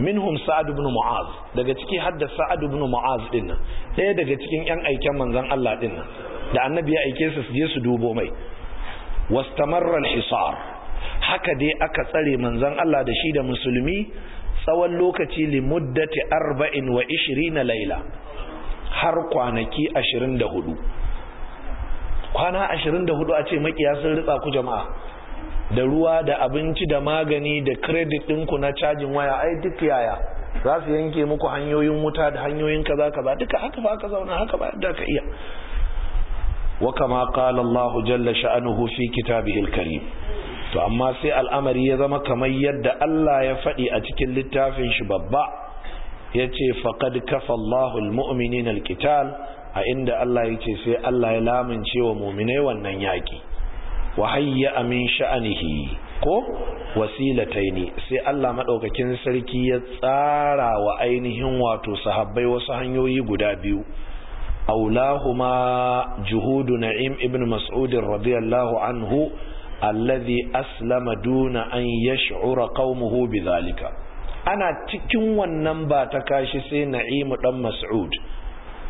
minhum sa'ad ibn mu'az daga ciki hadda sa'ad ibn mu'az din nan ɗaya daga cikin yan aiken manzon Allah din da annabi ya aike su je su dubo mai wastamarra al-hisar haka dai aka tsare manzon Allah da shi da musulmi tsawon lokaci limuddati arba'in wa ishirina laila har kwanaki ashirin da hudu kwana ashirin da hudu a ce makiya sun ritsa ku jama'a da ruwa da abinci da magani da kredit ɗinku na cajin waya ai duk yaya za su yanke muku hanyoyin wuta da hanyoyin ka ba duka haka ba ka zauna haka ba yadda ka iya wa kama kala Allah jalla sha'anuhu fi kitabihil karim to amma sai al'amari ya zama kamar yadda Allah ya faɗi a cikin littafin shi babba ya ce faƙad kafa Allahul mu'minin alkital a inda Allah ya ce sai Allah ya lamince wa muminai wannan yaƙi wa hayya amin sha'anihi ko wasilataini sai Allah maɗaukakin sarki ya tsara wa ainihin wato sahabbai wasu hanyoyi guda biyu aulahuma juhudu na'im ibn mas'udin radiyallahu anhu alladhi aslama duna an yash'ura qaumuhu bidhalika ana cikin wannan ba ta kashi sai na'imu dan mas'ud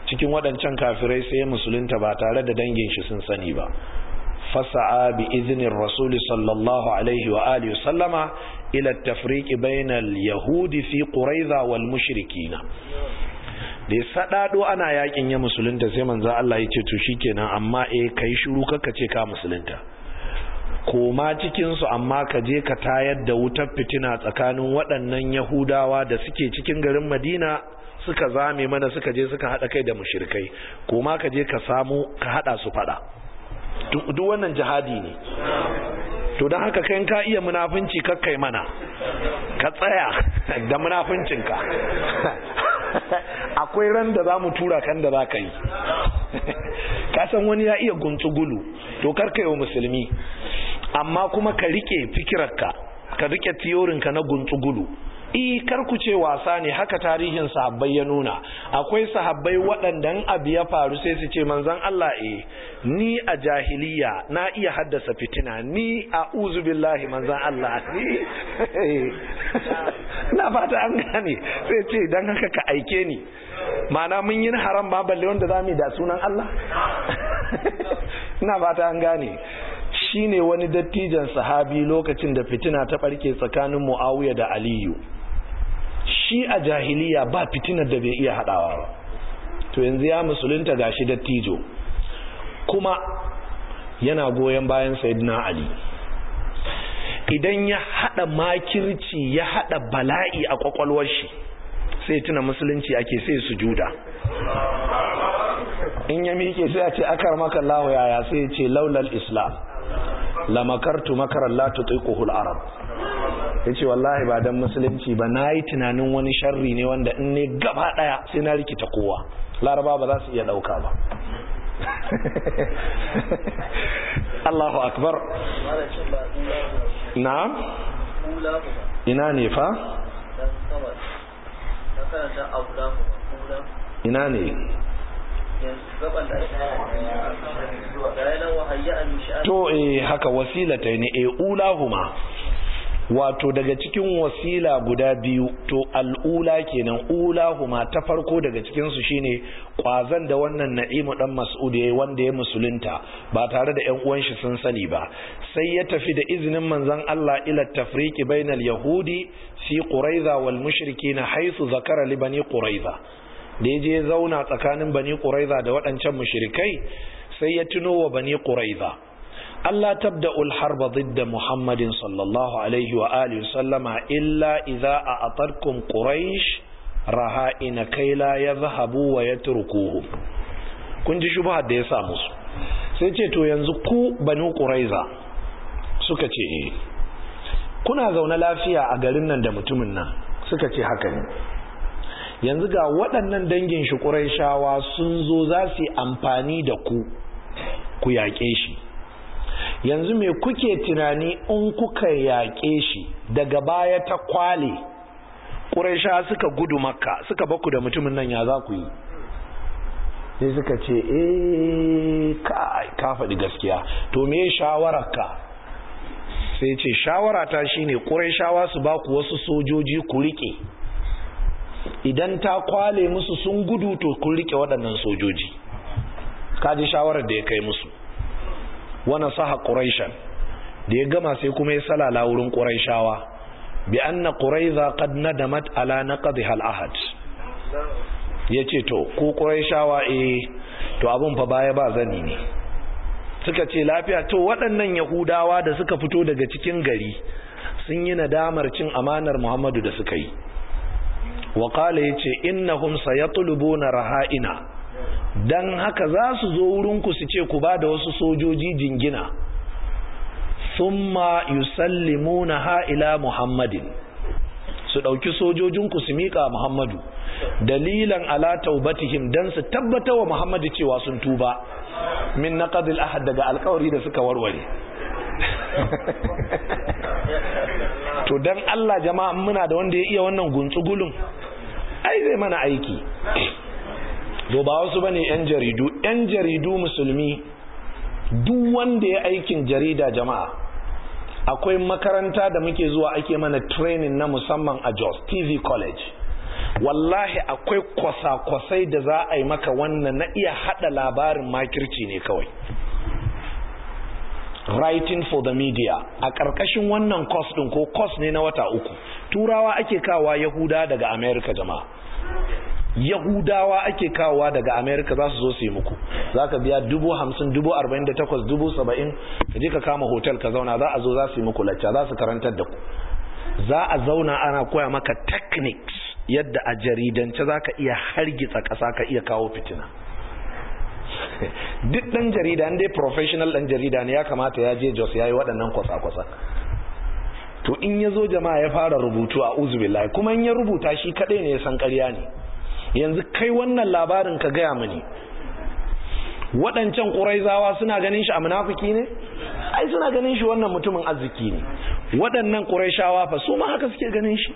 cikin waɗancan kafirai sai musulunta ba tare da dangin shi sun sani ba fasa'a bi izinin rasul sallallahu alaihi wa alihi sallama ila tafriq bainal yahudi fi quraiza wal mushrikina da ya sadado ana yakin ya musulunta sai manzo Allah ya ce to shikenan amma eh kai shiru kaka ce ka musulunta koma cikinsu amma ka je ka tayar da wutar fitina tsakanin waɗannan yahudawa da suke cikin garin madina suka zame mana suka je suka haɗa kai da mushirkai koma ka je ka samu ka haɗa su faɗa duk wannan jihadi ne to don haka kai ka iya munafunci kakkai mana ka tsaya da ka akwai ran da za mu tura kan da za ka yi kasan wani ya iya guntsugulu to karka yi wa musulmi amma kuma ka rike fikirarka ka rike tiyorinka na guntsugulu i e, karku ce wasa ne haka tarihin sahabbai ya nuna akwai sahabbai waɗandan abu ya faru sai su ce manzan Allah e ni a jahiliya na iya haddasa fitina ni a uzu billahi manzan Allah ni na fata an gane sai ce don haka ka aike ni mana mun yi haram ba balle wanda za mu da sunan Allah na fata an gane shine wani dattijan sahabi lokacin da fitina ta barke tsakanin muawiya da aliyu shi a jahiliya ba fitinar da bai iya haɗawa ba to yanzu ya musulunta shi dattijo kuma yana goyon bayan sayyidina ali idan ya haɗa makirci ya haɗa bala'i a ƙwaƙwalwar shi sai tuna musulunci ake sai juda. in ya miƙe sai a ce akar maka lahu yaya sai ce laulal islam lamakartu makarar la tutiquhu al-arab yace wallahi ba dan musulunci ba nayi tunanin wani sharri ne wanda in ne gaba daya sai na rikita kowa laraba ba za su iya dauka ba Allahu akbar na'am ina ne fa ina ne to eh haka wasila ta ne e ulahuma wato daga cikin wasila guda biyu to al'ula kenan ulahuma ta farko daga cikin su shine kwazan da wannan na'imu dan mas'ud yayi wanda ya musulunta ba tare da 'yan uwan shi sun sani ba sai ya tafi da izinin manzon Allah ila tafriqi bainal yahudi fi quraiza wal mushrikin haythu zakara li bani quraiza da ya je zauna tsakanin bani ƙuraiza da waɗancan mushirikai sai ya tuno wa bani ƙuraiza Allah tabda harba da Muhammadin sallallahu alaihi wa alihi sallama illa iza a atarkum Raha ina kai la zahabu wa yatrukuhu kun ji shubha da ya sa musu sai ce to yanzu ku bani ƙuraiza suka ce eh, kuna zaune lafiya a garin nan da mutumin nan suka ce haka ne yanzu ga waɗannan dangin shi ƙuraishawa sun zo za su yi amfani da ku ku yaƙe shi yanzu me kuke tunani in kuka yaƙe shi daga baya ta kwale ƙuraisha suka gudu makka suka baku da mutumin nan ya za ku yi sai suka ce eh ka faɗi gaskiya to me ka? sai ce shawarata shine ƙuraishawa su baku wasu sojoji ku riƙe idan ta kwale musu sun gudu to kun rike waɗannan sojoji kaji shawarar da ya kai musu wani saha ƙuraishan da ya gama sai kuma ya salala wurin ƙuraishawa bi anna ƙuraiza da mat'ala ala naqdha hal'ahad ahad ce to ku ƙuraishawa eh to abin fa baya ba zani ne suka ce lafiya to waɗannan yahudawa da suka fito daga cikin gari sun yi nadamar cin amanar muhammadu da suka yi wa humsa ya tulubu na raha'ina don haka za su zo wurinku su ce ku ba da wasu sojoji jingina thumma yusallimuna na ha'ila muhammadin su ɗauki sojojinku su miƙa muhammadu dalilan ala taubatihim don su tabbata wa muhammadu cewa sun tuba min na naqadil ahad daga alkawari da suka warware to don Allah jama'a muna da wanda ya iya wannan guntsugulun ai zai mana aiki to ba wasu bane yan jaridu yan jaridu musulmi duk wanda ya aikin jarida jama'a akwai makaranta da muke zuwa ake mana training na musamman a Jos TV College wallahi akwai kwasa-kwasai da za a yi maka wannan na iya hada labarin makirci ne kawai writing for the media a ƙarƙashin wannan course ɗin ko course ne na wata uku turawa ake kawa yahuda daga america jama'a yahudawa ake kawowa daga america za su zo su yi muku za ka biya dubu hamsin dubu arba'in da takwas dubu saba'in ka je ka kama hotel ka zauna za a zo za su yi muku lacca za su karantar da ku za a zauna ana koya maka techniques yadda a jaridance za ka iya hargitsa ƙasa ka iya kawo fitina duk dan jarida dai professional dan jarida ne ya kamata ya je jos ya yi waɗannan kwasa-kwasa to in ya zo jama'a ya fara rubutu a uzubillahi kuma in ya rubuta shi kaɗai ne ya san ƙarya ne yanzu kai wannan labarin ka gaya mani waɗancan ƙuraizawa suna ganin shi a munafiki ne ai suna ganin shi wannan mutumin arziki ne waɗannan ƙuraishawa fa su ma haka suke ganin shi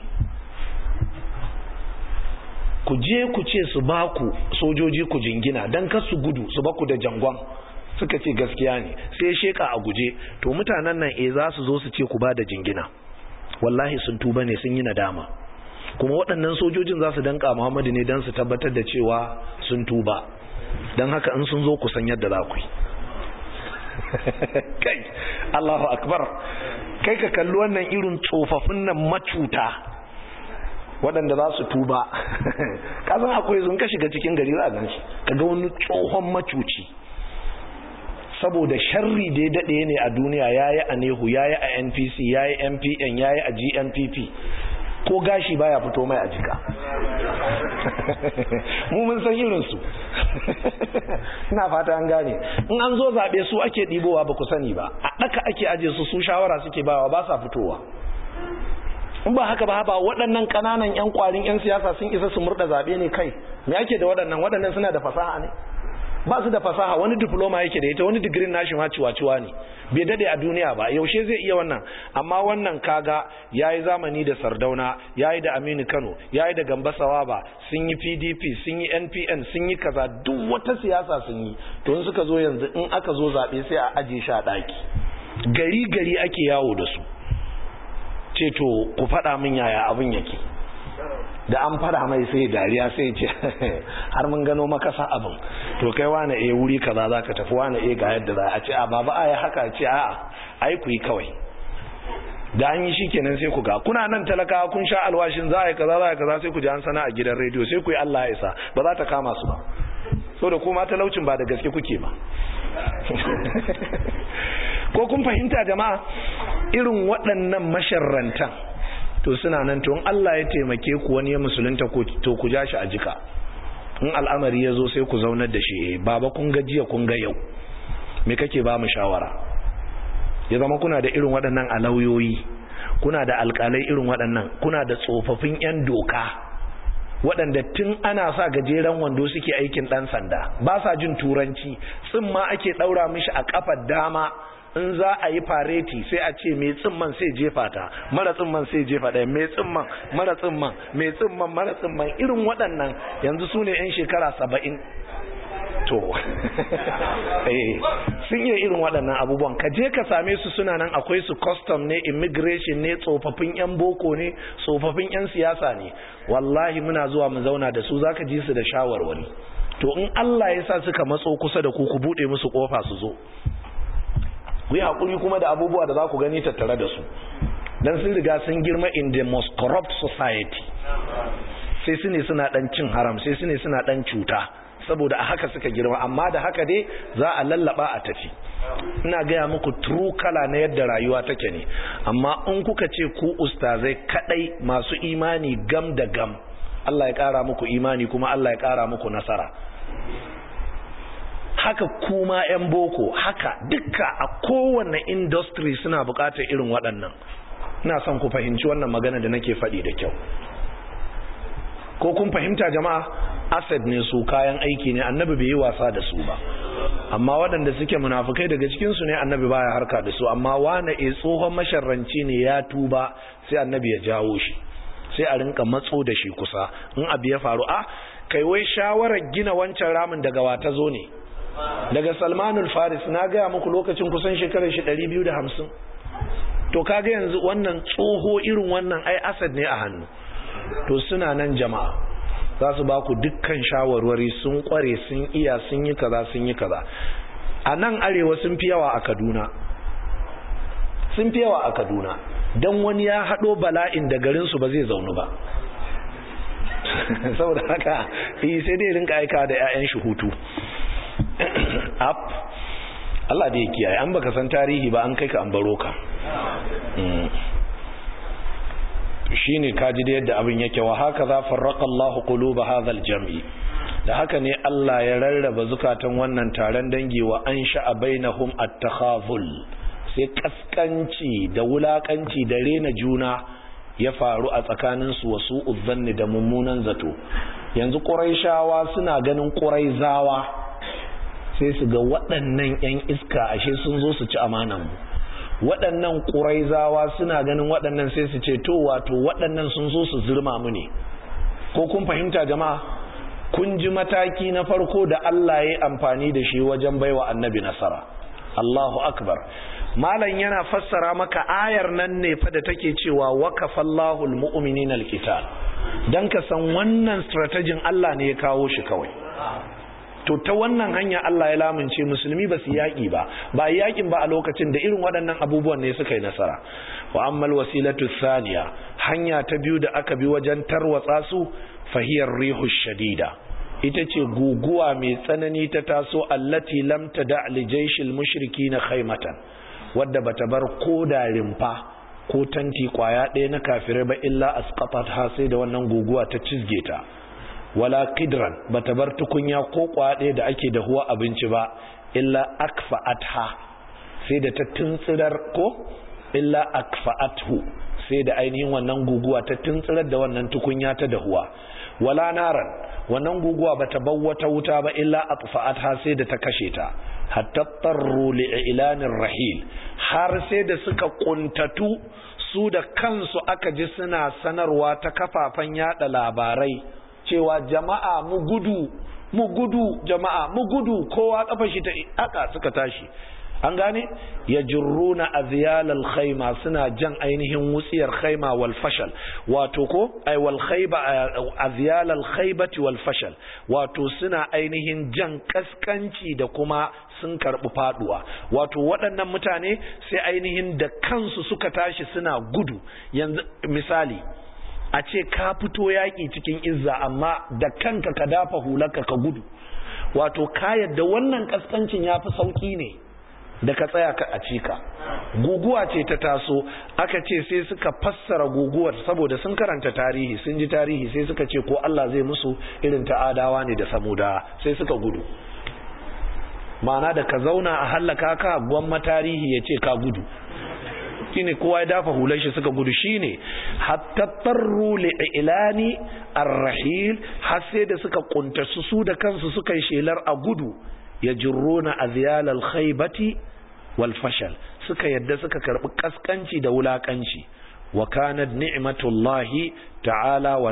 ku je ku ce su ba ku sojoji ku jingina don kar su gudu su ba ku da jangon suka ce gaskiya ne sai sheka a guje to mutanen nan e za su zo su ce ku ba da jingina wallahi sun tuba ne sun yi nadama kuma waɗannan sojojin za su danka muhammadu ne don su tabbatar da cewa sun tuba don haka in sun zo ku san yadda za ku yi kai Allahu akbar kai ka kalli wannan irin tsofaffin nan macuta waɗanda za su tuba kasan akwai sun ka shiga cikin gari za a gan shi ka wani tsohon macuci saboda sharri da ya daɗe ne a duniya ya yi a nehu ya yi a npc ya yi mpn ya yi a gmpp ko gashi baya fito mai a jika mu mun san irinsu ina fata an gane in an zo zaɓe su ake ɗibowa ba ku sani ba a ɗaka ake aje su su shawara suke bawa ba sa fitowa in ba haka ba ba waɗannan ƙananan 'yan ƙwarin 'yan siyasa sun isa su murda zaɓe ne kai me ake da waɗannan waɗannan suna da fasaha ne ba su da fasaha wani diploma yake da ita wani digirin nashi ma ciwa-ciwa ne bai dade a duniya ba yaushe zai iya wannan amma wannan kaga yayi zamani da Sardauna yayi da Aminu Kano yayi da Gambasawa ba sun yi PDP sun yi NPN sun yi kaza duk wata siyasa sun yi to in suka zo yanzu in aka zo zaɓe sai a aje shi a daki gari gari ake yawo da su ce to ku faɗa min yaya abin yake da an fada mai sai dariya sai ce har mun gano makasa abin to kai wane eh wuri kaza ka tafi wane eh ga yadda za a ce a baba ai haka ce a ai ku yi kawai da an yi kenan sai ku ga kuna nan talaka kun sha alwashin za a yi kaza za a yi kaza sai ku ji an sana a gidan rediyo sai ku yi Allah isa ba za ta kama su ba saboda kuma talaucin ba da gaske kuke ba ko kun fahimta jama'a irin waɗannan masharranta to suna nan to in Allah ya taimake ku wani ya musulunta to ku ja shi a jika in al'amari ya zo sai ku zaunar da shi eh, baba kun ga jiya kun ga yau me kake ba mu shawara ya zama kuna da irin waɗannan alauyoyi kuna da alƙalai irin waɗannan kuna da tsofaffin 'yan doka waɗanda tun ana sa gajeren wando suke aikin ɗan sanda ba sa jin turanci tsin ma ake ɗaura mishi a ƙafar dama in za a yi fareti sai a ce mai tsimman sai jefa ta mara tsimman sai jefa ɗaya mai tsimman mara tsimman mai tsimman mara tsimman irin waɗannan yanzu su ne 'yan shekara saba'in to eh, sun yi irin waɗannan abubuwan ka je ka same su suna nan akwai su custom ne immigration ne tsofaffin 'yan boko ne tsofaffin 'yan siyasa ne wallahi muna zuwa mu zauna da su zaka ji su da shawarwari to in Allah ya sa suka matso kusa da ku ku buɗe musu kofa su zo ku yi hakuri kuma da abubuwa da za ku gani tattare da su dan sun riga sun girma in the most corrupt society sai su ne suna ɗan cin haram sai su ne suna ɗan cuta saboda a haka suka girma amma da haka dai za a lallaba a tafi ina gaya muku true kala na yadda rayuwa take ne amma in kuka ce ku ustazai kadai masu imani gam da gam Allah ya kara muku imani kuma Allah ya kara muku nasara haka kuma 'yan boko haka dukka a kowane industry suna bukatar irin waɗannan na son ku fahimci wannan magana da nake faɗi da kyau ko kun fahimta jama'a asad ne su kayan aiki ne annabi bai yi wasa da su ba amma waɗanda suke munafukai daga cikinsu ne annabi baya harka da su amma wane e tsohon masharranci ne ya tuba sai annabi ya jawo shi sai a rinka matso da shi kusa in abu ya faru a ah, kai wai shawarar gina wancan ramin daga wata zo ne daga salmanul faris na gaya muku lokacin kusan shekarar shi 250 to kaga yanzu wannan tsoho irin wannan ai asad ne a hannu to suna nan jama'a za su ba ku dukkan shawarwari sun kware sun iya sun yi kaza sun yi kaza a nan arewa sun fi yawa a kaduna sun fi yawa a kaduna don wani ya haɗo bala'in da garinsu ba zai zaunu ba saboda haka eh, sai dai rinka aika da 'ya'yan shi hutu App, Allah da ya kiyaye an baka san tarihi ba an kai ka an baro ka hmm. shine kaji da yadda abin yake wa haka za farraqa Allah quluba hadha al-jam'i da haka ne Allah ya rarraba zukatan wannan taron dangi wa an sha'a bainahum at-takhaful sai kaskanci da wulakanci da rena juna ya faru a tsakanin su wasu uzzanni da mummunan zato yanzu quraishawa suna ganin quraizawa sai su ga waɗannan 'yan iska ashe sun zo su ci amanan waɗannan ƙurai zawa suna ganin waɗannan sai su ce to wato waɗannan sun zo su zirma mu ne ko kun fahimta jama'a kun ji mataki na farko da Allah ya amfani da shi wajen baiwa annabi nasara Allahu akbar malam yana fassara maka ayar nan ne fa da take cewa wakafallahu almu'minina alqital dan ka san wannan strategy Allah ne ya kawo shi kawai to ta wannan hanya Allah ya lamunce musulmi ba su yaƙi ba ba yaƙin ba a lokacin da irin waɗannan abubuwan ne suka yi nasara wa ammal wasilatu Saniya hanya ta biyu da aka bi wajen tarwatsa su fahiyar rihu shadida ita ce guguwa mai tsanani ta taso allati lam tada li jaishil mushrikina khaymatan wadda bata bar ko da rimfa ko tanti kwaya ɗaya na kafirai ba illa asqatat ha sai da wannan guguwa ta cizge ta wala qidran bata bar tukunya ko kwade da ake huwa abinci ba illa akfa'atha sai da ta tuntsirar ko illa akfa'athu sai da ainihin wannan guguwa ta tuntsirar da wannan tukunya ta da huwa. wala naran wannan guguwa bata bar wata wuta ba illa akfa'atha sai da ta kashe ta hatta tarru li'ilanir rahil har sai da suka kuntatu su da kansu aka ji suna sanarwa ta kafafan yada labarai cewa jama'a mu gudu mu gudu jama'a mu gudu kowa kafa shi ta aka suka tashi an gane ya jirruna aziyalal khaima suna jan ainihin wutsiyar khaima wal fashal wato ko ay wal khayba aziyalal khaybati wal fashal wato suna ainihin jan kaskanci da kuma sun karbi faduwa wato waɗannan mutane sai ainihin da kansu suka tashi suna gudu yanzu misali a ce ka fito yaƙi cikin izza amma da kanka ka dafa hularka ka gudu wato ka yadda wannan kaskancin ya fi sauƙi ne da ka tsaya ka a cika guguwa ce ta taso aka ce sai suka fassara guguwar saboda sun karanta tarihi sun ji tarihi sai suka ce ko Allah zai musu irin ta adawa ne da samuda sai suka gudu ma'ana da ka zauna a hallaka ka gwamma tarihi ya ce ka gudu shine kowa ya dafa hular shi suka gudu shine hatta tarru li ilani arrahil har sai da suka kunta su su da kansu suka yi shelar a gudu ya jirruna a ziyalar wal fashal suka yadda suka karbi kaskanci da wulakanci wa kanat ni'matullahi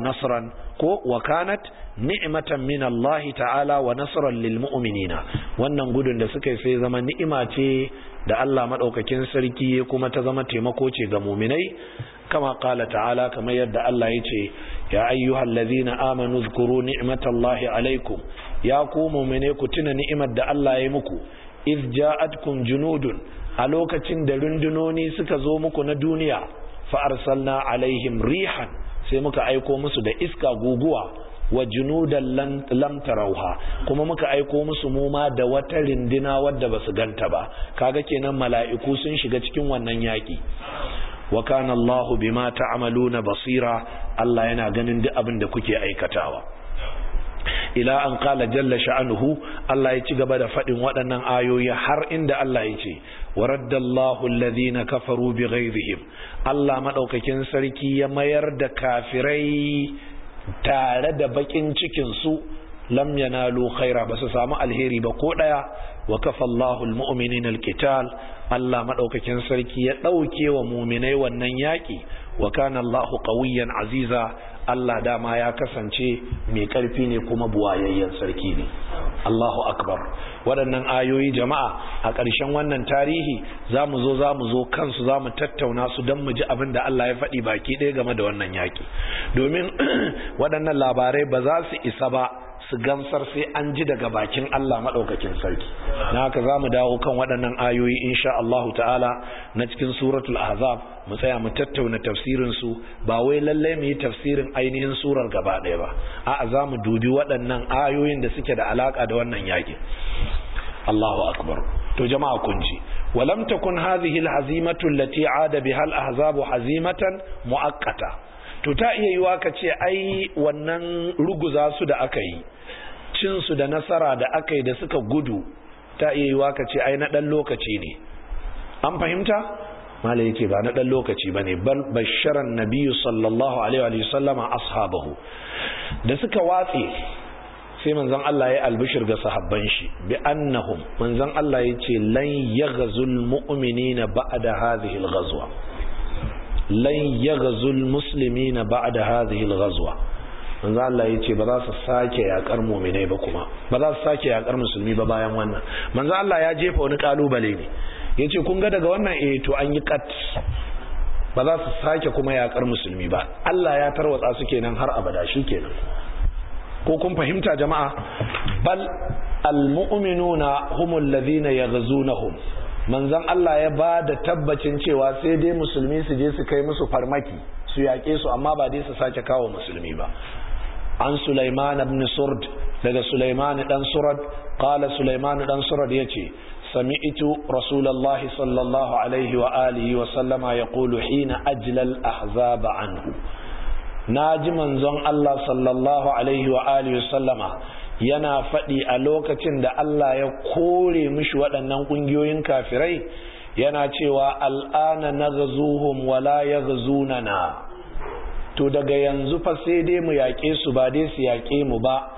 nasran ko wa kanat minallahi ta'ala wa nasran lil mu'minina wannan gudun da suka sai zama ni'ima ce da Allah madaukakin sarki kuma ta zama taimako ce ga mu'minai kama qala ta'ala kamar yadda Allah ce ya ayyuhallazina amanu zkuru ni'matallahi alaikum ya ku muminai ku tuna ni'imar da Allah ya muku iz ja'atkum junudun a lokacin da rundunoni suka zo muku na duniya fa’arsalna salla alaihim rihan sai muka aiko musu da iska guguwa wa junudan lam kuma muka aiko musu muma da wata rindina wadda basu ganta ba kaga kenan mala'iku sun shiga cikin wannan yaki wa kana Allahu bima na basira Allah yana ganin duk abin da kuke aikatawa ila an kala jalla sha'anuhu Allah ya ci gaba da faɗin waɗannan ayoyi har inda Allah ya ce ورد الله الذين كفروا بغيظهم الله مدaukakin sarki ya mayar da kafirai tare da bakin cikin su lam yanalu khaira basu samu alheri ba ko ɗaya. wa kafa Allahu almu'minina alqital Allah maɗaukakin sarki ya ɗauke wa mu'minai wannan yaki wa kana Allahu qawiyyan aziza Allah dama ya kasance mai karfi ne kuma buwayayyen sarki ne Allahu akbar waɗannan ayoyi jama'a a ƙarshen wannan tarihi za mu zo za mu zo kansu za mu tattauna su don mu ji abin da Allah ya faɗi baki ɗaya game da wannan yaƙi domin waɗannan labarai ba za su isa ba su gamsar sai an ji daga bakin Allah maɗaukakin sarki na haka za mu dawo kan waɗannan ayoyi insha Allahu ta'ala na cikin suratul ahzab mu tsaya mu tattauna tafsirin su ba wai lallai mu yi tafsirin ainihin surar gaba ɗaya ba a'a za mu dubi waɗannan ayoyin da suke da alaƙa da wannan yaƙi Allahu akbar to jama'a kun ji walam takun hadhihi alhazimatu allati ada biha alahzabu hazimatan muaqqata to ta iya yiwa ka ce ai wannan ruguza su da aka yi cinsu da nasara da aka yi da suka gudu ta iya yiwa ka ce ai na ɗan lokaci ne an fahimta mala yake ba na ɗan lokaci ba ne bal basharan nabiyu sallallahu alaihi wa sallama ashabahu da suka watse sai manzon Allah ya albishir ga sahabban shi bi annahum manzon Allah ya ce lan yaghzul na ba'da hadhihi al lan yaghzul muslimina ba'da hadhihi al manzo Allah ya ce ba za su sake yakar mu'minai ba kuma ba za su sake yakar musulmi ba bayan wannan manzo Allah ya jefa wani kalubale ne yace kun ga daga wannan eh to an yi kat ba za su sake kuma yakar musulmi ba Allah ya tarwatsa su kenan har abada shi kenan ko kun fahimta jama'a bal almu'minuna humul ladhina yaghzunahum manzon Allah ya ba da tabbacin cewa sai dai musulmi su je su kai musu farmaki su yaƙe su amma ba dai su sake kawo musulmi ba an Sulaiman ibn Surd daga Sulaiman dan Surad qala Sulaiman dan Surad yace sami'tu Rasulullahi sallallahu alaihi wa alihi wa sallama yaqulu hina ajla al-ahzab anhu naji manzon Allah sallallahu alaihi wa alihi wa sallama yana faɗi a lokacin da Allah ya kore mishi waɗannan ƙungiyoyin kafirai yana cewa al'ana na gazuhum wala ya gazunana to daga yanzu fa sai dai mu yaƙe su ba dai su yaƙe mu ba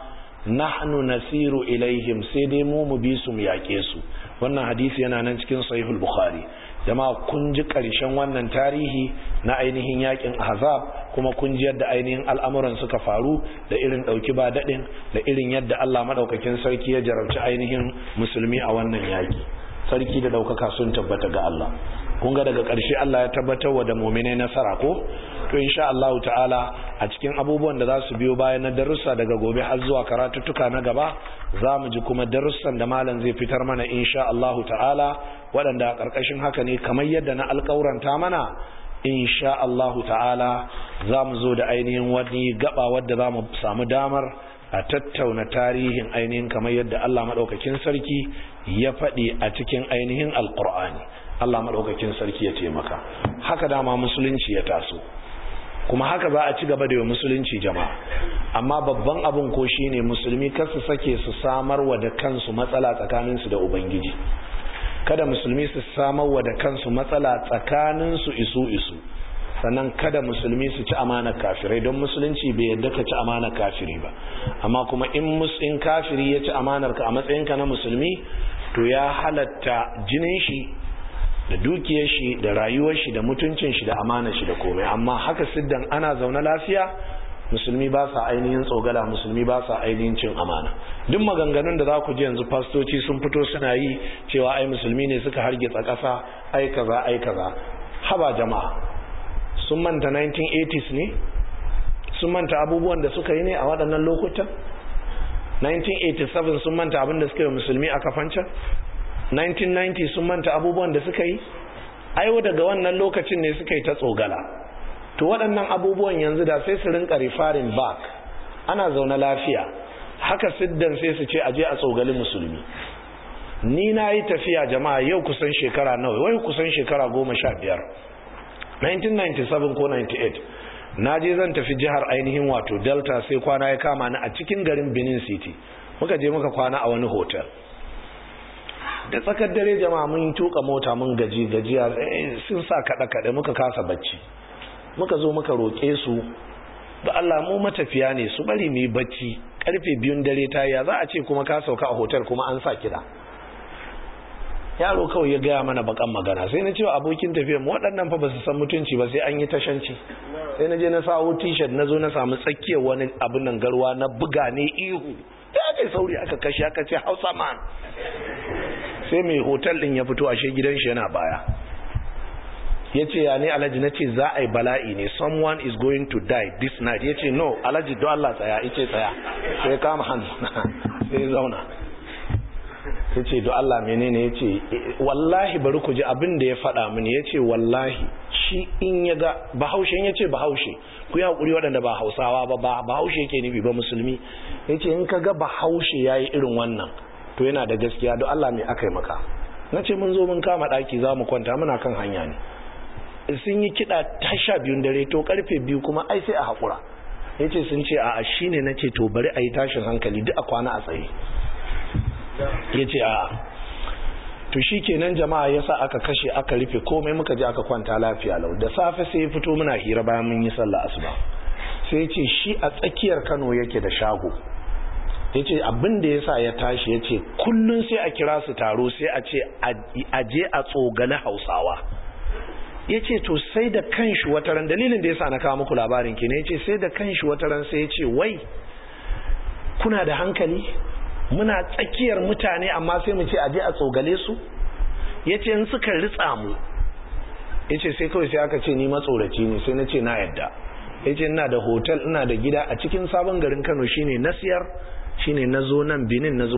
nahnu nasiru ilaihim sai dai mu mu bi su mu yaƙe su wannan hadisi yana nan cikin sahihul bukhari jama'a kun ji ƙarshen wannan tarihi na ainihin yakin ahzab kuma kun ji yadda ainihin al'amuran suka faru da irin ɗauki ba daɗin da irin yadda Allah maɗaukakin sarki ya jarabci ainihin musulmi a wannan yaki sarki da ɗaukaka sun tabbata ga Allah kun ga daga ƙarshe Allah ya tabbatar wa da mu'minai nasara ko to insha Allah ta'ala a cikin abubuwan da za su biyo bayan na darussa daga gobe har zuwa karatuttuka na gaba za mu ji kuma darussan da malam zai fitar mana insha Allah ta'ala waɗanda a ƙarƙashin haka ne kamar yadda na alƙauranta mana insha Allah ta'ala za mu zo da ainihin wani gaba wadda za mu samu damar a tattauna tarihin ainihin kamar yadda Allah maɗaukakin sarki ya faɗi a cikin ainihin alƙur'ani Allah madaukakin sarki ya taimaka haka dama musulunci ya taso kuma haka za a ci gaba da yi musulunci jama'a amma babban abin ko shine musulmi kar su sake su samar wa da kansu matsala tsakaninsu da ubangiji kada musulmi su samar wa da kansu matsala tsakaninsu isu isu sannan kada musulmi su ci amanar kafirai don musulunci bai yadda ka ci amanar kafiri ba amma kuma in in kafiri ya ci amanar ka a matsayinka na musulmi to ya halatta jinin shi da dukiyar shi da rayuwar shi da mutuncin shi da amana shi da komai amma haka siddan ana zaune lafiya musulmi ba sa ainihin tsogala musulmi ba sa ainihin cin amana duk maganganun da za ku ji yanzu fastoci sun fito suna yi cewa ai musulmi ne suka hargitsa ƙasa ai kaza ai kaza haba jama'a sun manta 1980s ne sun manta abubuwan da suka yi ne a waɗannan lokutan 1987 sun manta abin da suka yi musulmi a kafancan 1990 sun manta abubuwan da suka yi aiwo daga wannan lokacin ne suka yi ta tsogala to waɗannan abubuwan yanzu da sai su rinka rifarin back ana zaune lafiya haka siddan sai su ce aje a tsogali musulmi ni na yi tafiya jama'a yau kusan shekara nawa wai kusan shekara goma sha biyar 1997 ko 98 na je zan tafi jihar ainihin wato delta sai kwana ya kama ni a cikin garin benin city muka je muka kwana a wani hotel da tsakar dare jama'a mun tuka mota mun gaji gajiya eh, sun sa kada kada muka kasa bacci muka zo muka roke su da Allah mu matafiya ne su bari mu bacci karfe biyun dare ta ya za a ce kuma ka sauka a hotel kuma an sa kira. yaro kawai ya gaya mana bakan magana sai na ce wa abokin tafiyar mu waɗannan fa ba su san mutunci ba sai an yi tashanci sai na je na sawo t-shirt na zo na samu tsakiyar wani abin nan garwa na buga ne ihu da kai sauri aka kashe aka ce hausa man sai mai hotel din ya fito ashe gidan shi yana baya ya ce ya ne alhaji na ce za a yi bala'i ne someone is going to die this night ya ce no alhaji don Allah tsaya ya ce tsaya sai kama hannu sai zauna ya ce don Allah menene ya ce wallahi bari ku ji abin da ya faɗa mini ya ce wallahi shi in ya ga bahaushe ya ce bahaushe ku yi haƙuri waɗanda ba hausawa ba bahaushe ke nufi ba musulmi ya ce in ka ga bahaushe ya yi irin wannan to yana da gaskiya don Allah mai aka yi maka na ce mun zo mun kama ɗaki za mu kwanta muna kan hanya ne sun yi kiɗa tasha sha biyun dare to karfe biyu kuma ai sai a haƙura ya ce sun ce a shi ne na ce to bari a yi tashin hankali duk a kwana a tsaye ya ce a to shi kenan jama'a ya sa aka kashe aka rufe komai muka ji aka kwanta lafiya lau da safe sai ya fito muna hira bayan mun yi sallah asuba sai ya ce shi a tsakiyar kano yake da shago ya ce abin da ya sa ya tashi ya ce kullum sai a kira su taro sai a ce aje a tsogani hausawa ya ce to sai da kanshi wataran dalilin da ya sa na kawo muku labarin ki ne ya ce sai da kanshi wataran sai ya ce wai kuna da hankali muna tsakiyar mutane amma sai mu ce aje a tsogale su ya ce in suka ritsa mu ya ce sai kawai sai aka ce ni matsoraci ne sai na ce na yadda ya ce ina da hotel ina da gida a cikin sabon garin kano shine siyar. shine nazo nan Benin nazo